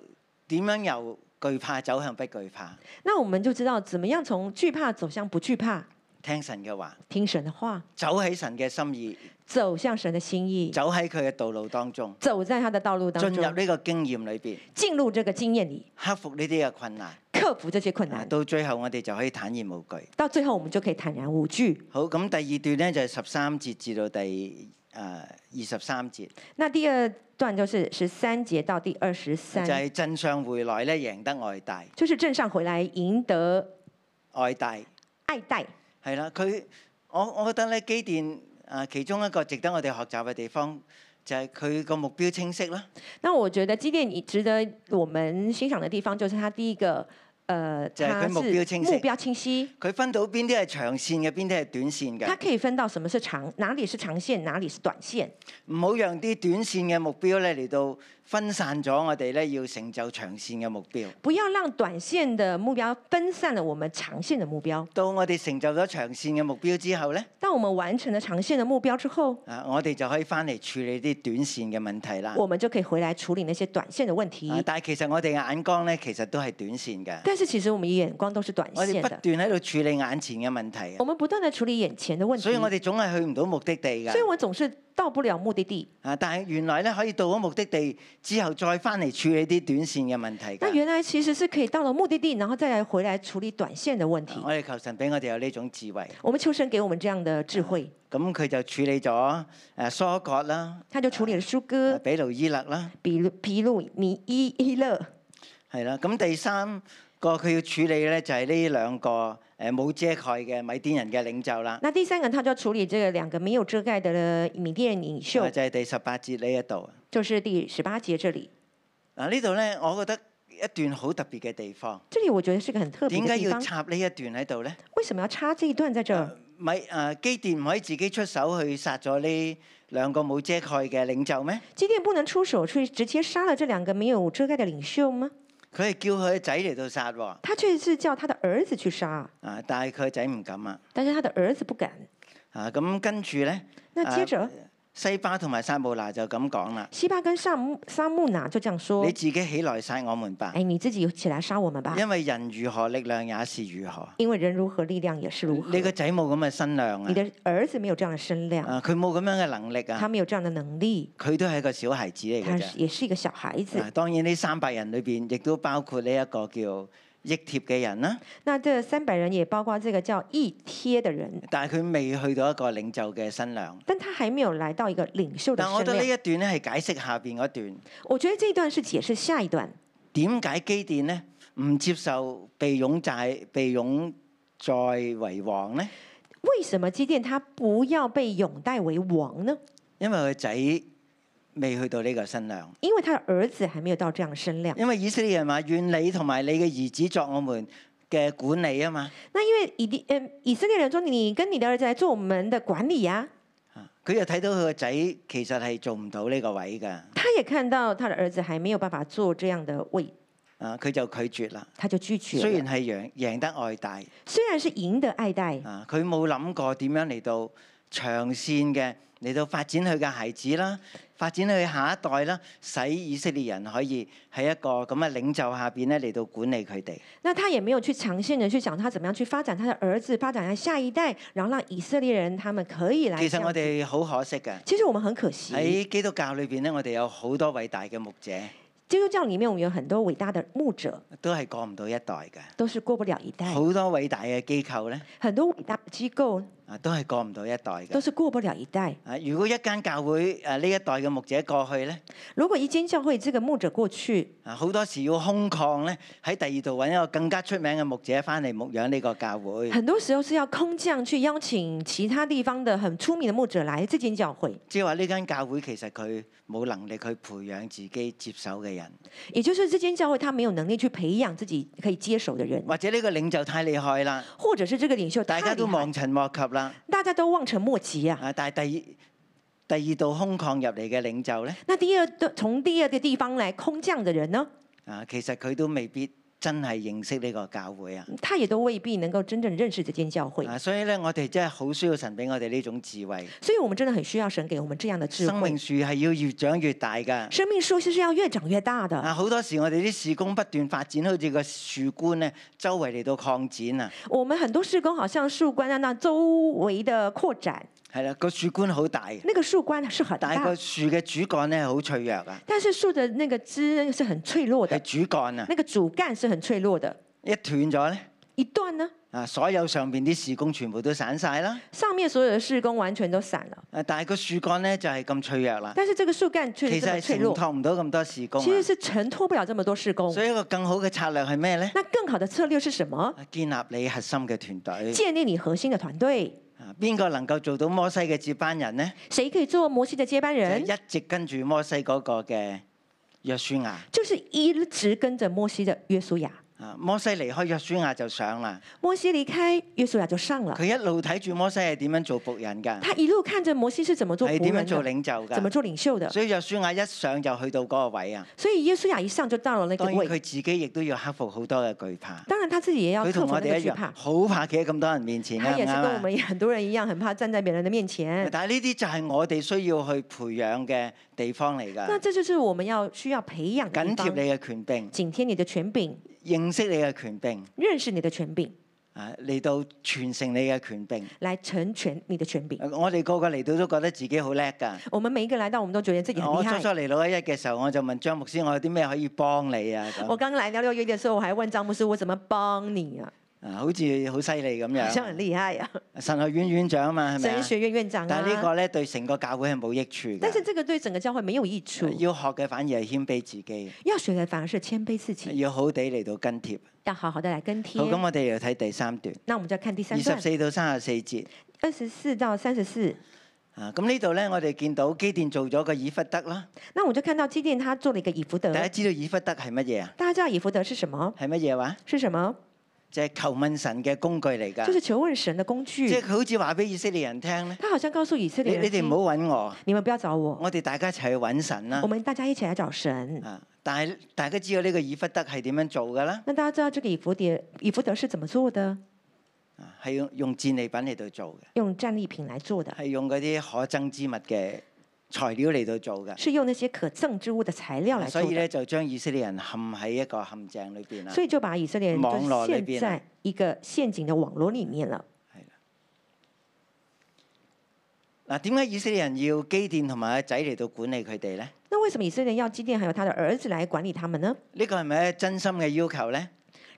點樣由懼怕走向不懼怕？那我們就知道怎麼樣從懼怕走向不懼怕？聽神嘅話，聽神嘅話，走喺神嘅心意，走向神嘅心意，走喺佢嘅道路當中，走在他的道路當中，進入呢個經驗裏邊，進入這個經驗裏，克服呢啲嘅困難，克服這些困難，到最後我哋就可以坦然無懼。到最後我們就可以坦然無懼。好，咁第二段呢，就係十三節至到第誒二十三節。那第二段就是十三節到第二十三。就係鎮上回來咧，贏得愛戴。就是鎮上回來贏得愛戴，愛戴。係啦、啊，佢我我覺得咧機電誒、啊、其中一個值得我哋學習嘅地方就係佢個目標清晰啦。那我覺得機電，值得我們欣賞嘅地方就他、呃，就是佢第一個誒，就係佢目標清晰，目標清晰。佢分到邊啲係長線嘅，邊啲係短線嘅。佢可以分到什麼是長，哪裏是長線，哪裏是短線。唔好讓啲短線嘅目標咧嚟到分散咗我哋咧，要成就長線嘅目標，不要讓短線嘅目標分散了我們長線嘅目標。到我哋成就咗長線嘅目標之後呢，當我們完成了長線嘅目標之後，啊，我哋就可以翻嚟處理啲短線嘅問題啦。我們就可以回來處理那些短線嘅問題。啊，但係其實我哋眼光咧，其實都係短線嘅。但是其實我們眼光都是短線的。不斷喺度處理眼前嘅問題，我們不斷喺處理眼前嘅問題。所以我哋總係去唔到目的地嘅，所以我總是到不了目的地。啊，但係原來咧可以到咗目的地。之後再翻嚟處理啲短線嘅問題。但原來其實是可以到了目的地，然後再來回來處理短線嘅問題。我哋求神俾我哋有呢種智慧。我們求神給我們有這樣的智慧。咁佢就處理咗誒疏割啦。他就處理了疏割。毗努伊勒啦。毗努伊勒。係啦。咁第三個佢要處理呢就係呢兩個誒冇遮蓋嘅米甸人嘅領袖啦。那第三個他就處理這兩個沒有遮蓋的米甸人領袖。就係第十八節呢一度。就是第十八節這裏。嗱、啊、呢度咧，我覺得一段好特別嘅地方。這裏我覺得是個很特別。點解要插呢一段喺度咧？為什麼要插這一段在這咪誒、啊啊，基甸唔可以自己出手去殺咗呢兩個冇遮蓋嘅領袖咩？基甸不能出手去直接殺了這兩個沒有遮蓋嘅領袖嗎？佢係叫佢仔嚟到殺、哦。他卻是叫他的兒子去殺。啊，但係佢仔唔敢啊。但是他的兒子不敢。啊、咁、嗯、跟住咧？那接着。啊西巴同埋撒慕拿就咁講啦。西巴跟撒撒慕拿就這樣說。你自己起來殺我們吧。誒，你自己起來殺我們吧。因為人如何力量也是如何。因為人如何力量也是如何。你，你個仔冇咁嘅身量啊。你的兒子沒有這樣的身量。啊，佢冇咁樣嘅能力啊。他沒有這樣的能力。佢都係一個小孩子嚟㗎。他也是一個小孩子。啊、當然呢三百人裏邊，亦都包括呢一個叫。益貼嘅人啦、啊，那這三百人也包括這個叫益貼嘅人，但係佢未去到一個領袖嘅新娘，但他還沒有來到一個領袖。但係我覺得呢一段咧係解釋下邊嗰段，我覺得這一段是解釋下一段，點解基甸呢唔接受被擁戴被擁戴為王呢？為什麼基甸他不要被擁戴為王呢？因為佢仔。未去到呢個身量，因為他的兒子還沒有到這樣身量。因為以色列人話：願你同埋你嘅兒子作我們嘅管理啊嘛。那因為以誒，以色列人說：你跟你的兒子來做我們的管理啊。佢又睇到佢個仔其實係做唔到呢個位噶。他也看到他的兒子還沒有辦法做這樣的位。啊，佢就拒絕啦。他就拒絕。雖然係贏贏得愛戴，雖然是贏得愛戴啊，佢冇諗過點樣嚟到。長線嘅嚟到發展佢嘅孩子啦，發展佢下一代啦，使以色列人可以喺一個咁嘅領袖下邊咧嚟到管理佢哋。那他也沒有去長線地去講他怎麼樣去發展他的兒子，發展他下一代，然後讓以色列人他們可以來。其實我哋好可惜嘅。其實我們很可惜。喺基督教裏邊呢，我哋有好多偉大嘅牧者。基督教裏面，我們有很多偉大的牧者。都係過唔到一代嘅。都是過不了一代。好多偉大嘅機構呢，很多偉大的機構。啊，都係過唔到一代嘅。都是過不了一代。啊，如果一間教會誒呢、啊、一代嘅牧者過去咧，如果一間教會，這個牧者過去，啊，好多時要空降咧，喺第二度揾一個更加出名嘅牧者翻嚟牧養呢個教會。很多時候是要空降去邀請其他地方嘅很出名嘅牧者來這間教會。即係話呢間教會其實佢冇能力去培養自己接手嘅人。也就是這間教會，他沒有能力去培養自己可以接手嘅人。或者呢個領袖太厲害啦，或者是這個領袖大家都望塵莫及啦。大家都望塵莫及啊！啊，但係第二第二度空降入嚟嘅領袖咧？那第二從第二個地方嚟空降嘅人呢？啊，其實佢都未必，真係認識呢個教會啊！他也都未必能夠真正認識這間教會。啊，所以咧，我哋真係好需要神俾我哋呢種智慧。所以，我們真的很需要神給我們這樣的智慧。生命樹係要越長越大嘅。生命樹先是要越長越大的。啊，好多時我哋啲事工不斷發展，好似個樹冠咧，周圍嚟到擴展啊。我們很多事工好像樹冠、啊，那那周圍的擴展。係啦，那個樹冠好大。呢、那個樹冠是很大。但係個樹嘅主幹咧，好脆弱噶。但是樹嘅那個枝是很脆弱嘅。係主幹啊。呢、那個主幹是很脆弱嘅。一斷咗咧？一斷呢？啊，所有上邊啲事工全部都散晒啦。上面所有嘅事工完全都散了。啊，但係個樹幹咧就係咁脆弱啦。但是這個樹幹其實這麼脆弱。其實承托唔到咁多事工，啊。其實是承托不了這麼多事工。所以一個更好嘅策略係咩咧？那更好嘅策略是什麼？建立你核心嘅團隊。建立你核心嘅團隊。邊個能夠做到摩西嘅接班人呢？誰可以做摩西嘅接班人？一直跟住摩西嗰個嘅約書亞，就是一直跟着摩西嘅約書亞。就是啊！摩西離開約書亞就上啦。摩西離開約書亞就上了。佢一路睇住摩西係點樣做僕人㗎。他一路看着摩西是怎麼做僕人，係點樣做領袖？怎麼做領袖的？所以約書亞一上就去到嗰個位啊。所以約書亞一上就到了那個位。當然佢自己亦都要克服好多嘅懼怕。當然他自己也要克服嘅懼怕。佢同我哋一樣，好怕企喺咁多人面前啊，佢也是跟我們很多人一樣，很怕站在別人的面前。但係呢啲就係我哋需要去培養嘅地方嚟㗎。那這就是我們要需要培養緊貼你嘅權柄，緊貼你的權柄。認識你嘅權柄，認識你嘅權柄，啊，嚟到傳承你嘅權柄，嚟成全你嘅權柄。我哋個個嚟到都覺得自己好叻㗎。我哋每一個嚟到，我們都覺得自己好厲害。初初嚟到611嘅時候，我就問張牧師：我有啲咩可以幫你啊？我剛剛嚟到611嘅時候，我還問張牧師：我怎麼幫你啊？啊，好似好犀利咁樣，好像很厲害啊！神學院院長嘛，係咪神學院院長。但係呢個咧對成個教會係冇益處。但是這個對整個教會沒有益處。要學嘅反而係謙卑自己。要學嘅反而是謙卑自己。要好地嚟到跟貼。要好好的來跟貼。好,好，咁我哋又睇第三段。那我們就看第三段。二十四到三十四節。二十四到三十四。啊，咁呢度咧，我哋見到基甸做咗個以弗得啦。那我就看到基甸，他做了一個以弗得。大家知道以弗得係乜嘢啊？大家知道以弗得是什麼？係乜嘢話？是什麼？就係、是、求問神嘅工具嚟㗎。就是求問神嘅工具。即、就、係、是、佢好似話俾以色列人聽咧。佢好像告訴以色列人。你哋唔好揾我。你們不要找我。我哋大家一齊去揾神啦。我們大家一起去找神，找神。啊！但係大家知道呢個以弗得係點樣做㗎啦？那大家知道呢個以弗得，以弗得是怎麼做的？啊，係用用戰利品嚟到做嘅。用戰利品嚟做嘅，係用嗰啲可憎之物嘅。材料嚟到做嘅，是用那些可憎之物的材料嚟做嘅、嗯。所以咧，就將以色列人陷喺一個陷阱裏邊啦。所以就把以色列人就陷在一個陷阱嘅網絡裏面啦。係啦。嗱，點解以色列人要基甸同埋仔嚟到管理佢哋咧？那為什麼以色列人要基甸還有他的兒子來管理他們呢？呢個係咪真心嘅要求咧？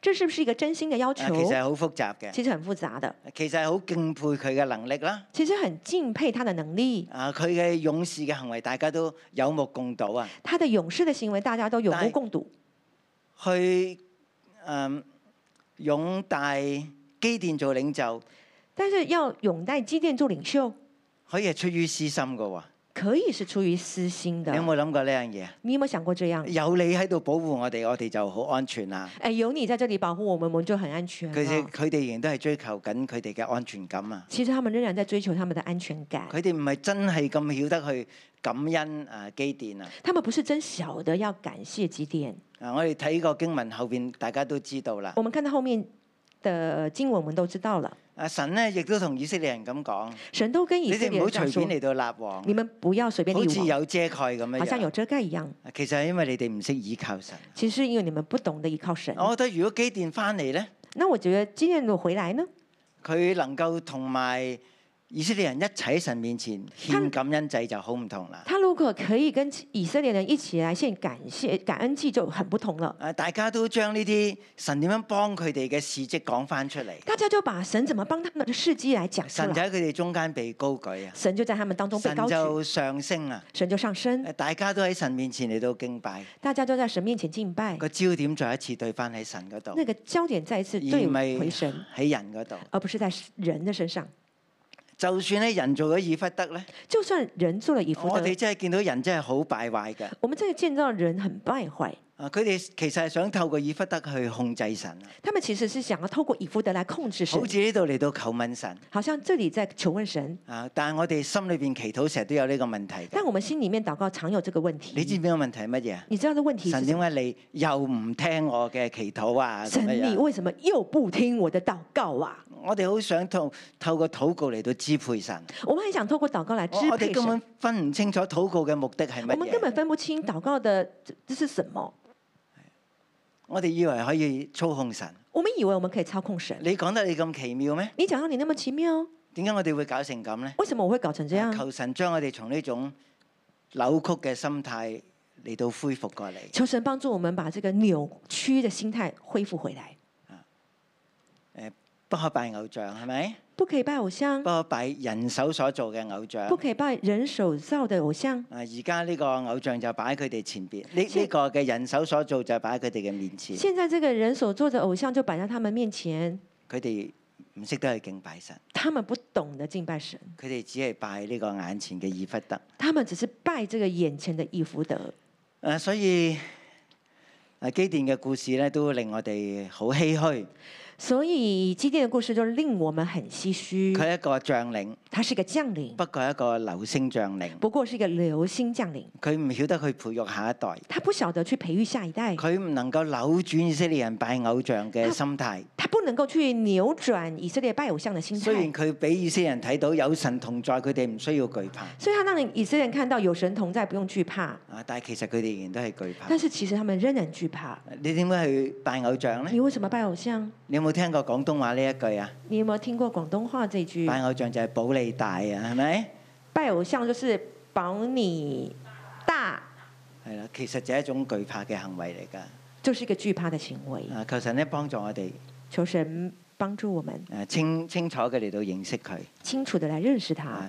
這是不是一個真心的要求？其實好複雜嘅。其實很複雜的。其實好敬佩佢嘅能力啦。其實很敬佩他的能力。啊，佢嘅勇士嘅行為大家都有目共睹啊。他的勇士嘅行為大家都有目共睹。去，嗯，擁戴基甸做領袖。但是要擁戴基甸做領袖，可以係出於私心嘅喎。可以是出於私心的。你有冇諗過呢樣嘢？你有冇想過這樣，有有過這樣？有你喺度保護我哋，我哋就好安全啦。誒、哎，有你在這裏保護我們，我們就很安全。佢哋佢哋仍然都係追求緊佢哋嘅安全感啊。其實他們仍然在追求他們的安全感。佢哋唔係真係咁曉得去感恩啊，基甸啊。他們不是真曉得要感謝基甸。啊，我哋睇過經文後邊，大家都知道啦。我們看到後面。的經文，我們都知道了。阿神咧，亦都同以色列人咁講。神都跟以色列人。你哋唔好隨便嚟到立王。你們不要隨便。好似有遮蓋咁樣。好像有遮蓋一樣。其實係因為你哋唔識依靠神。其實因為你們不懂得依靠神。我覺得如果基甸翻嚟咧，那我覺得基甸若回來呢？佢能夠同埋以色列人一齊喺神面前獻感恩祭就好唔同啦。他如果可以跟以色列人一起來獻感謝感恩祭就很不同了。啊，大家都將呢啲神點樣幫佢哋嘅事跡講翻出嚟。大家就把神怎麼幫他們的事跡來講。神就喺佢哋中間被高舉啊。神就在他們當中被高舉。神就上升啦。神就上升。大家都喺神面前嚟到敬拜。大家都在神面前敬拜。個焦點再一次對翻喺神嗰度。那個焦點再一次對回神喺人嗰度，而不是在人嘅身，身，身上。就算咧人做咗以弗得咧，就算人做咗以弗得，我哋真係見到人真係好敗壞嘅。我們真係見到人很敗壞。啊，佢哋其實係想透過以弗得去控制神。他們其實是想要透過以弗得來控制神。好似呢度嚟到求問神，好像這裏在求問神。啊，但係我哋心裏邊祈禱成日都有呢個問題。但我們心裏面禱告常有這個問題。你知唔知個問題係乜嘢？你知道個問題係乜嘢？神點解你又唔聽我嘅祈禱啊？神，你為什麼又不聽我嘅禱告啊？我哋好想透透過禱告嚟到支配神。我們很想透過禱告嚟支配神。我哋根本分唔清楚禱告嘅目的係乜嘢。我們根本分唔清禱告嘅，即是什麼。我哋以為可以操控神。我們以為我們可以操控神。你講得你咁奇妙咩？你講到你那麼奇妙。點解我哋會搞成咁咧？為什麼我會搞成這樣？求神將我哋從呢種扭曲嘅心態嚟到恢復過嚟。求神幫助我們把這個扭曲嘅心態恢復回來。不可拜偶像，係咪？不可以拜偶像。不可拜人手所做嘅偶像。不可以拜人手造嘅偶像。啊，而家呢個偶像就擺喺佢哋前邊，呢呢、呢個嘅人手所做就擺喺佢哋嘅面前。現在這個人手做嘅偶像就擺喺他們面前。佢哋唔識得去敬拜神。他們不懂得敬拜神。佢哋只係拜呢個眼前嘅以弗得。他們只是拜這個眼前嘅以弗得。啊，所以啊，基甸嘅故事咧，都令我哋好唏噓。所以基甸的故事就令我們很唏噓。佢係一個將領，他是個將領，不過係一個流星將領。不過是一個流星將領。佢唔曉得去培育下一代。他不曉得去培育下一代。佢唔能夠扭轉以色列人拜偶像嘅心態他。他不能夠去扭轉以色列拜偶像的心態。雖然佢俾以色列人睇到有神同在，佢哋唔需要懼怕。所以他讓以色列人看到有神同在，不用懼怕。啊，但係其實佢哋仍然都係懼怕。但是其實他們仍然懼怕。你點解去拜偶像呢？你為什麼拜偶像？有冇聽過廣東話呢一句啊？你有冇聽過廣東話這句？拜偶像就係保你大啊，係咪？拜偶像就是保你大。係啦，其實就係一種懼怕嘅行為嚟噶。就是一個懼怕嘅行為。啊，求神呢幫助我哋。求神幫助我們。誒，清清楚嘅嚟到認識佢。清楚地來認識他。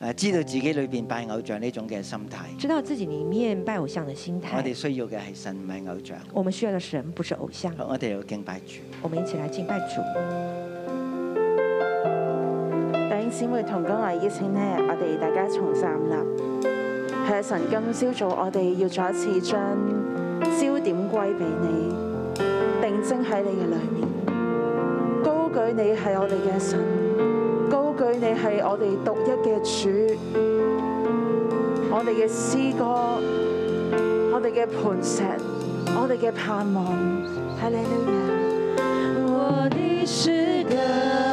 誒，知道自己裏邊拜偶像呢種嘅心態，知道自己裏面拜偶像嘅心態。我哋需要嘅係神，唔係偶像。我們需要嘅神不是偶像，我的是偶像。我哋要敬拜主。我們一齊嚟敬，敬拜主。弟兄姊妹同工，我哋邀請呢，我哋大家重站立。係神，今朝早我哋要再一次將焦點歸俾你，定睛喺你嘅裏面，高舉你係我哋嘅神。對你係我哋獨一嘅主，我哋嘅詩歌，我哋嘅磐石，我哋嘅盼望，你的我的詩歌。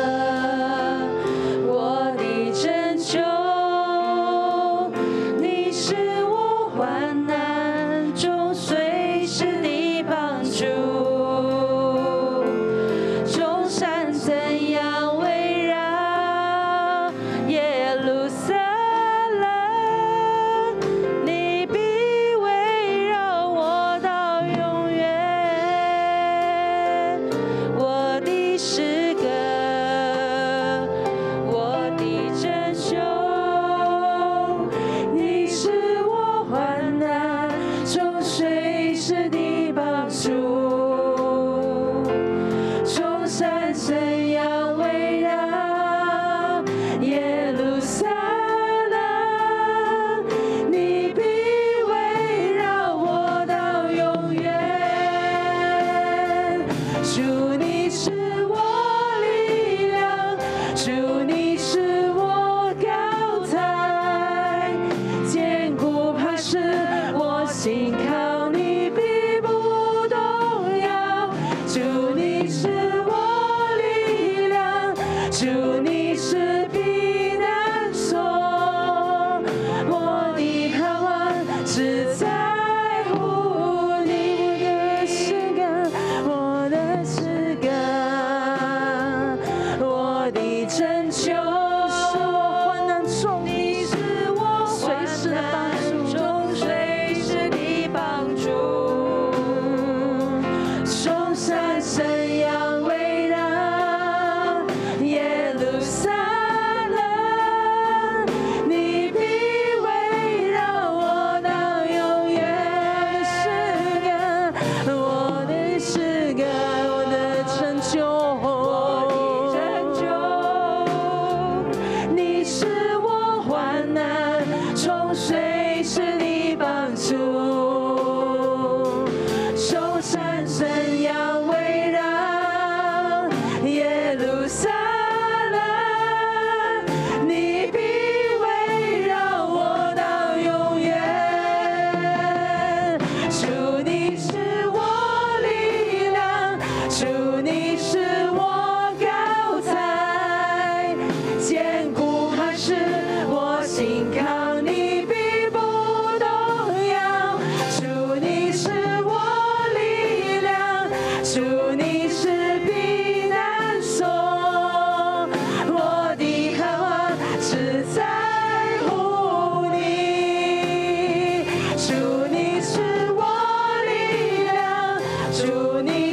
祝你。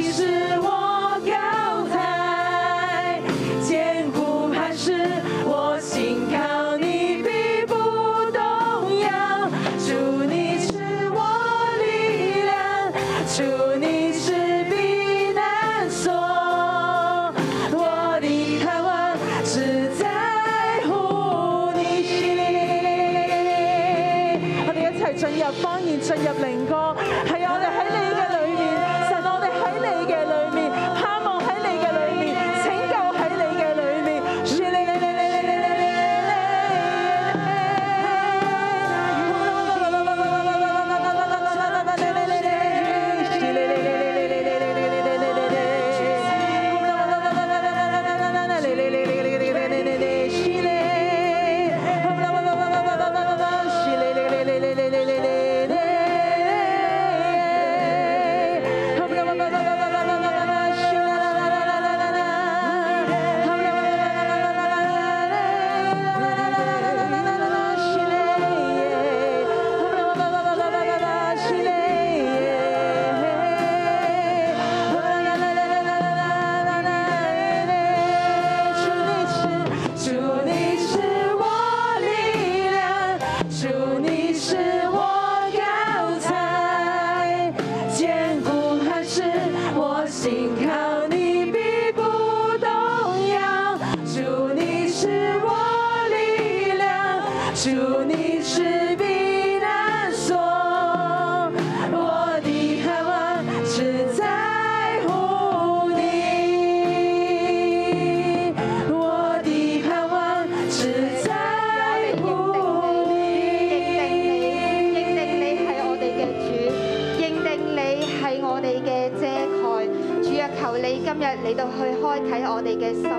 我哋嘅遮蓋，主啊，求你今日嚟到去開啟我哋嘅心，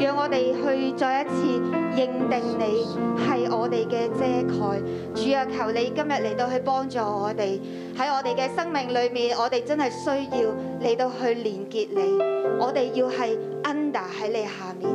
讓我哋去再一次認定你係我哋嘅遮蓋。主啊，求你今日嚟到去幫助我哋，喺我哋嘅生命裏面，我哋真係需要嚟到去連結你。我哋要係 under 喺你下面，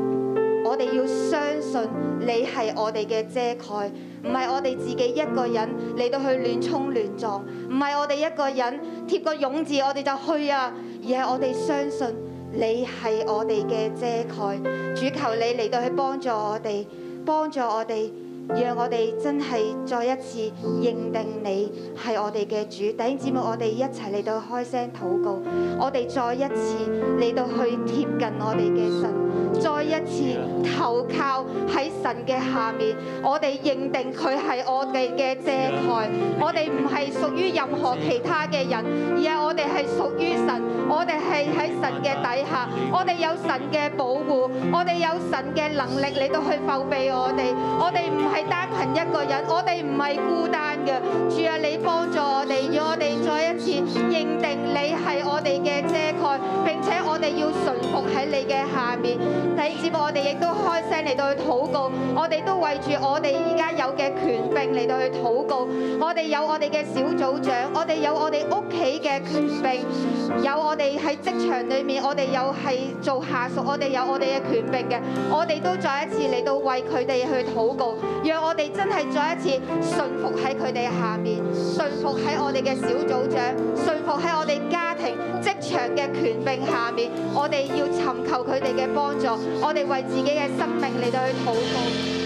我哋要相信你係我哋嘅遮蓋。唔係我哋自己一個人嚟到去亂沖亂撞，唔係我哋一個人貼個勇字，我哋就去啊！而係我哋相信你係我哋嘅遮蓋，主求你嚟到去幫助我哋，幫助我哋。讓我哋真係再一次認定你係我哋嘅主，第二節目我哋一齊嚟到開聲禱告，我哋再一次嚟到去貼近我哋嘅神，再一次投靠喺神嘅下面，我哋認定佢係我哋嘅遮蓋，我哋唔係屬於任何其他嘅人，而係我哋係屬於神，我哋係喺神嘅底下，我哋有神嘅保護，我哋有神嘅能力嚟到去覆庇我哋，我哋唔係單憑一個人，我哋唔係孤單嘅，主啊，你幫助我哋，要我哋再一次認定你係我哋嘅遮蓋，並且我哋要順服喺你嘅下面。第二節目我哋亦都開聲嚟到去禱告，我哋都為住我哋而家有嘅權柄嚟到去禱告。我哋有我哋嘅小組長，我哋有我哋屋企嘅權柄，有我哋喺職場裡面，我哋有係做下屬，我哋有我哋嘅權柄嘅，我哋都再一次嚟到為佢哋去禱告。讓我哋真係再一次信服喺佢哋下面，信服喺我哋嘅小組長，信服喺我哋家庭、職場嘅權柄下面，我哋要尋求佢哋嘅幫助，我哋為自己嘅生命嚟到去禱告。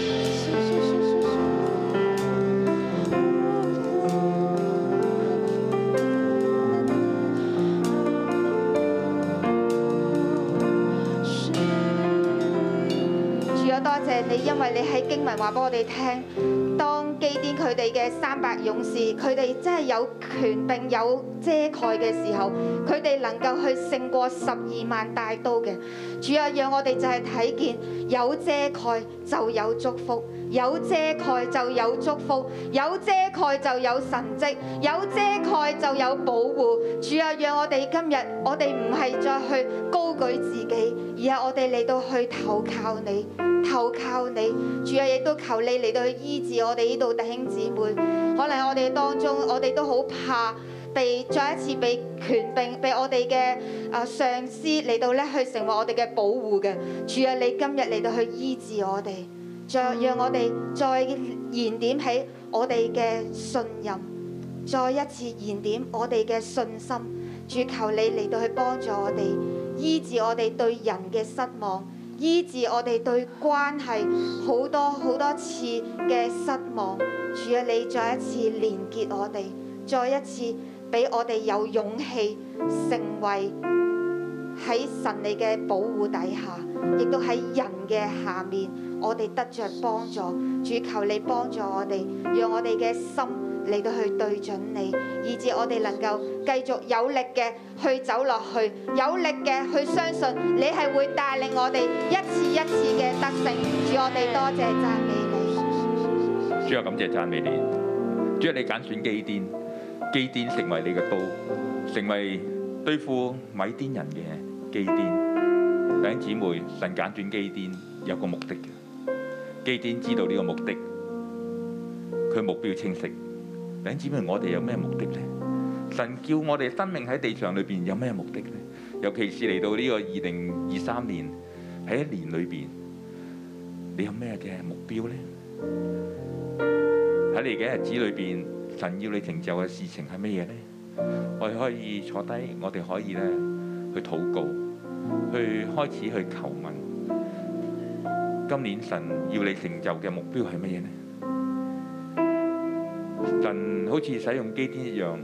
你因為你喺經文話俾我哋聽多。基甸佢哋嘅三百勇士，佢哋真係有權柄有遮蓋嘅時候，佢哋能夠去勝過十二萬大刀嘅。主啊，讓我哋就係睇見有遮蓋就有祝福，有遮蓋就有祝福，有遮蓋就有神蹟，有遮蓋就，就有保護。主啊，讓我哋今日我哋唔係再去高舉自己，而係我哋嚟到去投靠你，投靠你。主啊，亦都求你嚟到去醫治我哋呢度。弟兄姊妹，可能我哋當中，我哋都好怕被再一次被權柄，被我哋嘅啊上司嚟到咧，去成為我哋嘅保護嘅。主啊，你今日嚟到去醫治我哋，再讓我哋再燃點起我哋嘅信任，再一次燃點我哋嘅信心。主求你嚟到去幫助我哋，醫治我哋對人嘅失望。醫治我哋對關係好多好多次嘅失望，主啊，你再一次連結我哋，再一次俾我哋有勇氣成為喺神你嘅保護底下，亦都喺人嘅下面，我哋得着幫助。主求你幫助我哋，讓我哋嘅心。嚟到去對準你，以致我哋能夠繼續有力嘅去走落去，有力嘅去相信你係會帶領我哋一次一次嘅得勝。主，我哋多謝讚美你。主啊，感謝讚美你。主啊，你揀選基甸，基甸成為你嘅刀，成為對付米甸人嘅基甸。弟兄姊妹，神揀選基甸有個目的嘅，基甸知道呢個目的，佢目標清晰。你知知唔我哋有咩目的呢？神叫我哋生命喺地上裏邊有咩目的呢？尤其是嚟到呢個二零二三年喺一年裏邊，你有咩嘅目標呢？喺你嘅日子裏邊，神要你成就嘅事情係乜嘢呢？我哋可以坐低，我哋可以呢去禱告，去開始去求問，今年神要你成就嘅目標係乜嘢呢？神好似使用基甸一樣，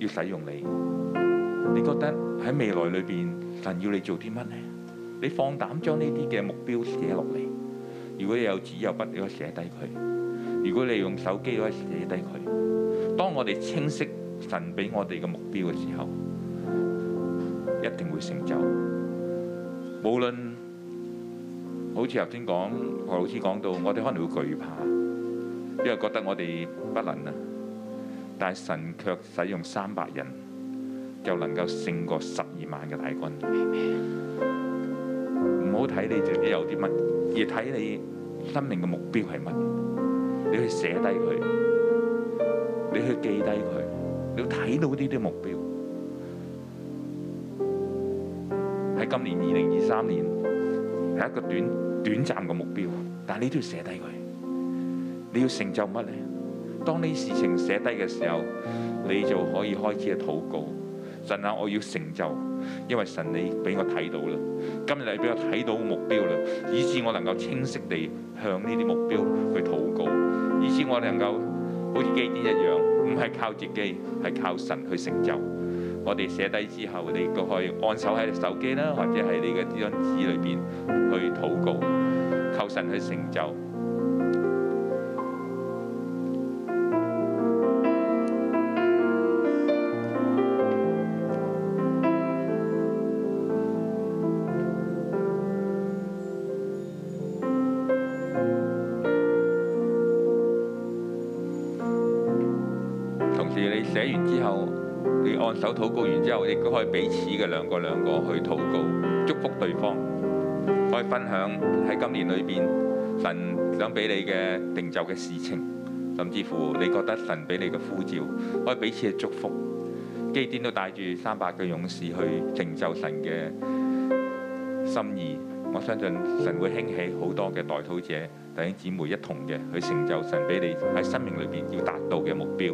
要使用你。你覺得喺未來裏面，神要你做啲乜呢？你放膽將呢啲嘅目標寫落嚟。如果你有紙有筆，你可以寫低佢；如果你用手機，可以寫低佢。當我哋清晰神俾我哋嘅目標嘅時候，一定會成就。無論好似頭先講，何老師講到，我哋可能會懼怕。因為覺得我哋不能啊，但係神卻使用三百人，又能夠勝過十二萬嘅大軍。唔好睇你自己有啲乜，而睇你生命嘅目標係乜。你去寫低佢，你去記低佢，你要睇到呢啲目標。喺今年二零二三年，係一個短短暫嘅目標，但係你都要寫低佢。你要成就乜呢？當呢事情寫低嘅時候，你就可以開始去禱告。神啊，我要成就，因為神你俾我睇到啦。今日你俾我睇到目標啦，以至我能夠清晰地向呢啲目標去禱告，以至我哋能夠好似基甸一樣，唔係靠自己，係靠神去成就。我哋寫低之後，你都可以按手喺手機啦，或者係你嘅呢張紙裏邊去禱告，靠神去成就。寫完之後，你按手禱告完之後，亦都可以彼此嘅兩個兩個去禱告、祝福對方，可以分享喺今年裏邊神想俾你嘅定就嘅事情，甚至乎你覺得神俾你嘅呼召，可以彼此嘅祝福。基甸都帶住三百個嘅勇士去成就神嘅心意，我相信神會興起好多嘅代禱者，弟兄姊妹一同嘅去成就神俾你喺生命裏邊要達到嘅目標。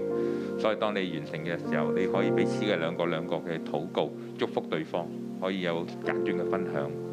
所以，當你完成嘅時候，你可以彼此嘅兩個兩個嘅禱告、祝福對方，可以有簡短嘅分享。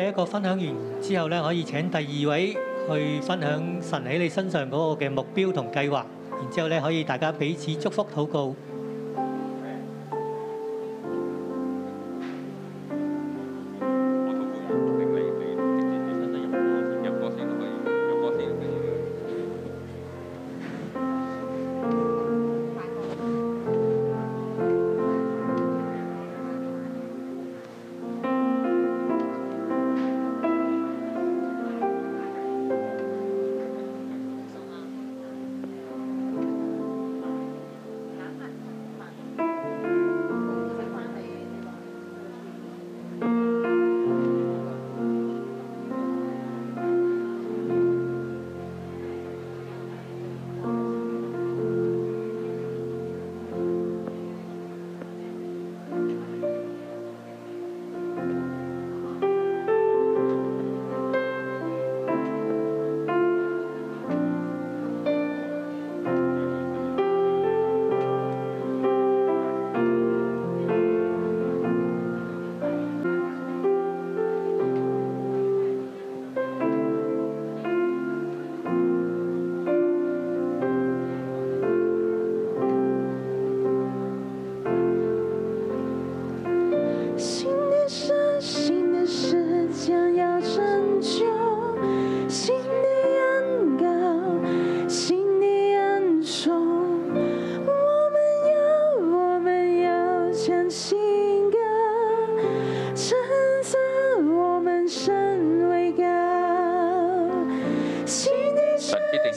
第一個分享完之後咧，可以請第二位去分享神喺你身上嗰個嘅目標同計劃。然之後咧，可以大家彼此祝福禱告。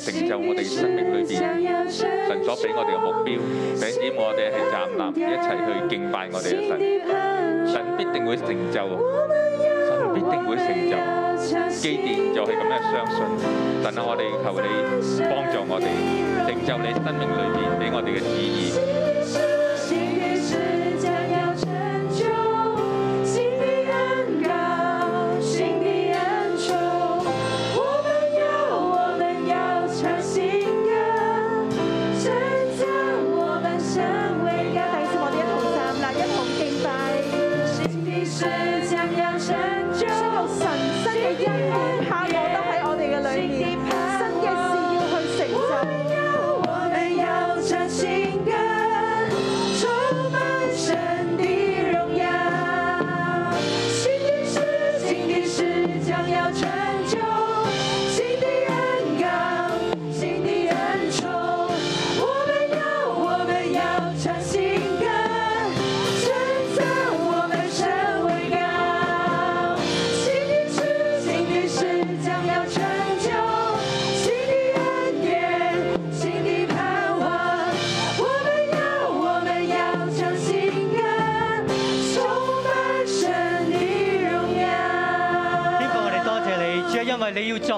成就我哋生命裏邊神所俾我哋嘅目標，並指引我哋係站立，一齊去敬拜我哋嘅神。神必定會成就，神必定會成就。基甸就係咁樣相信神啊！我哋求你幫助我哋，成就你生命裏邊俾我哋嘅旨意。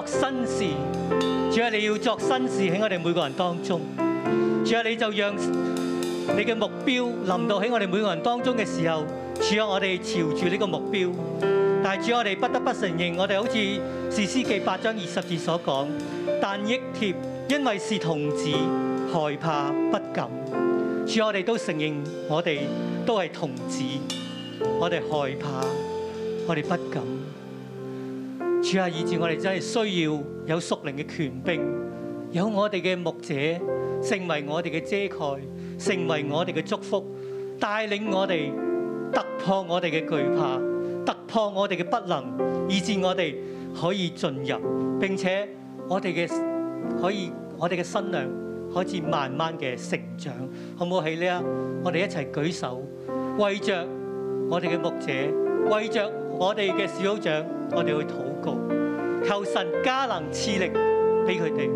新事，主啊，你要作新事喺我哋每個人當中。主啊，你就讓你嘅目標臨到喺我哋每個人當中嘅時候，主啊，我哋朝住呢個目標。但係主啊，我哋不得不承認我，我哋好似士師記八章二十節所講，但益帖因為是童子，害怕不敢。主啊，我哋都承認我都，我哋都係童子，我哋害怕，我哋不敢。主啊！以至我哋真係需要有屬靈嘅權柄，有我哋嘅牧者，成為我哋嘅遮蓋，成為我哋嘅祝福，帶領我哋突破我哋嘅懼怕，突破我哋嘅不能，以至我哋可以進入，並且我哋嘅可以，我可以慢慢，我哋嘅新娘開始慢慢嘅成長，好唔好？喺呢一，我哋一齊舉手，為着我哋嘅牧者，為着。我哋嘅小組長，我哋去禱告，求神加能賜力俾佢哋，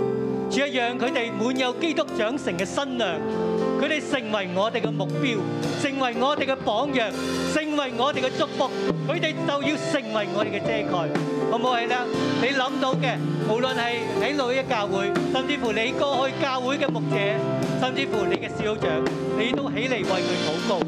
主啊，讓佢哋滿有基督長成嘅身量，佢哋成為我哋嘅目標，成為我哋嘅榜樣，成為我哋嘅祝福，佢哋就要成為我哋嘅遮蓋，好唔好啊？你諗到嘅，無論係喺老一教會，甚至乎你過去教會嘅牧者，甚至乎你嘅小組長，你都起嚟為佢禱告。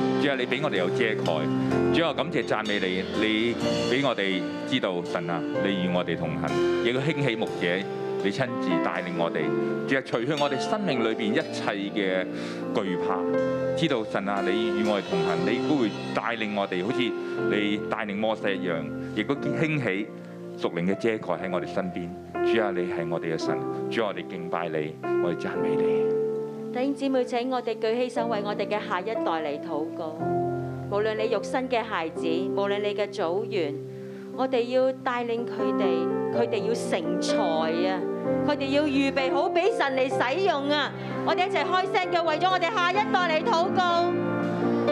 你俾我哋有遮蓋，主啊，感謝讚美你，你俾我哋知道神啊，你與我哋同行，亦都興起牧者，你親自帶領我哋，主啊，除去我哋生命裏邊一切嘅懼怕，知道神啊，你與我哋同行，你都會帶領我哋，好似你帶領摩西一樣，亦都興起屬靈嘅遮蓋喺我哋身邊。主啊，你係我哋嘅神，主要我哋敬拜你，我哋讚美你。弟兄姊妹，請我哋舉起手，為我哋嘅下一代嚟禱告。無論你肉身嘅孩子，無論你嘅組員，我哋要帶領佢哋，佢哋要成才啊！佢哋要預備好，俾神嚟使用啊！我哋一齊開聲嘅，為咗我哋下一代嚟禱告。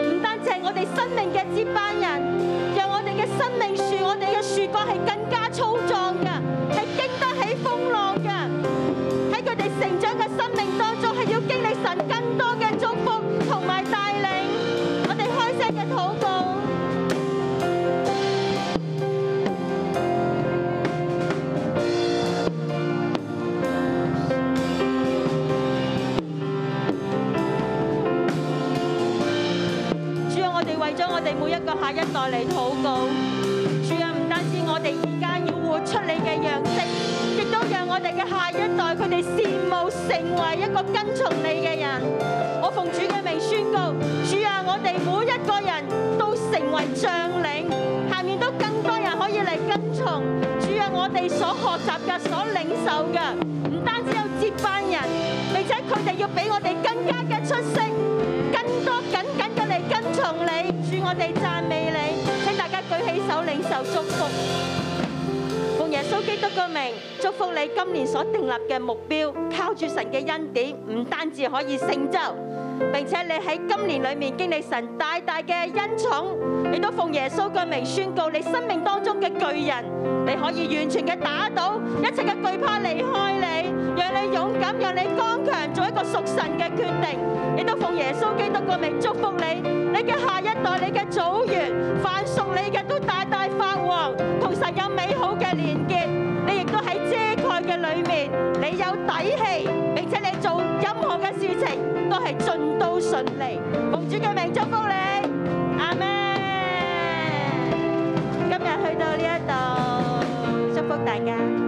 唔單止係我哋生命嘅接班人，讓我哋嘅生命樹，我哋嘅樹幹係更加。下一代嚟禱告，主啊！唔單止我哋而家要活出你嘅樣式，亦都讓我哋嘅下一代，佢哋羨慕成為一個跟從你嘅人。我奉主嘅名宣告，主啊！我哋每一個人都成為將領，下面都更多人可以嚟跟從，主啊！我哋所學習嘅、所領受嘅，唔單止有接班人，並且佢哋要比我哋更加嘅出色，更多緊緊嘅嚟跟從你。我哋讚美你，請大家舉起手，領受祝福，奉耶穌基督嘅名，祝福你今年所訂立嘅目標，靠住神嘅恩典，唔單止可以成就。並且你喺今年裏面經歷神大大嘅恩寵，你都奉耶穌嘅名宣告，你生命當中嘅巨人，你可以完全嘅打倒一切嘅懼怕離開你，讓你勇敢，讓你剛強，做一個屬神嘅決定。你都奉耶穌基督嘅名祝福你，你嘅下一代，你嘅祖源，凡屬你嘅都大大發旺，同神有美好嘅連結。你亦都喺遮蓋嘅裏面，你有底氣，並且你做任何嘅事情。係進都順利，奉主嘅名祝福你，阿們，今日去到呢一度，祝福大家。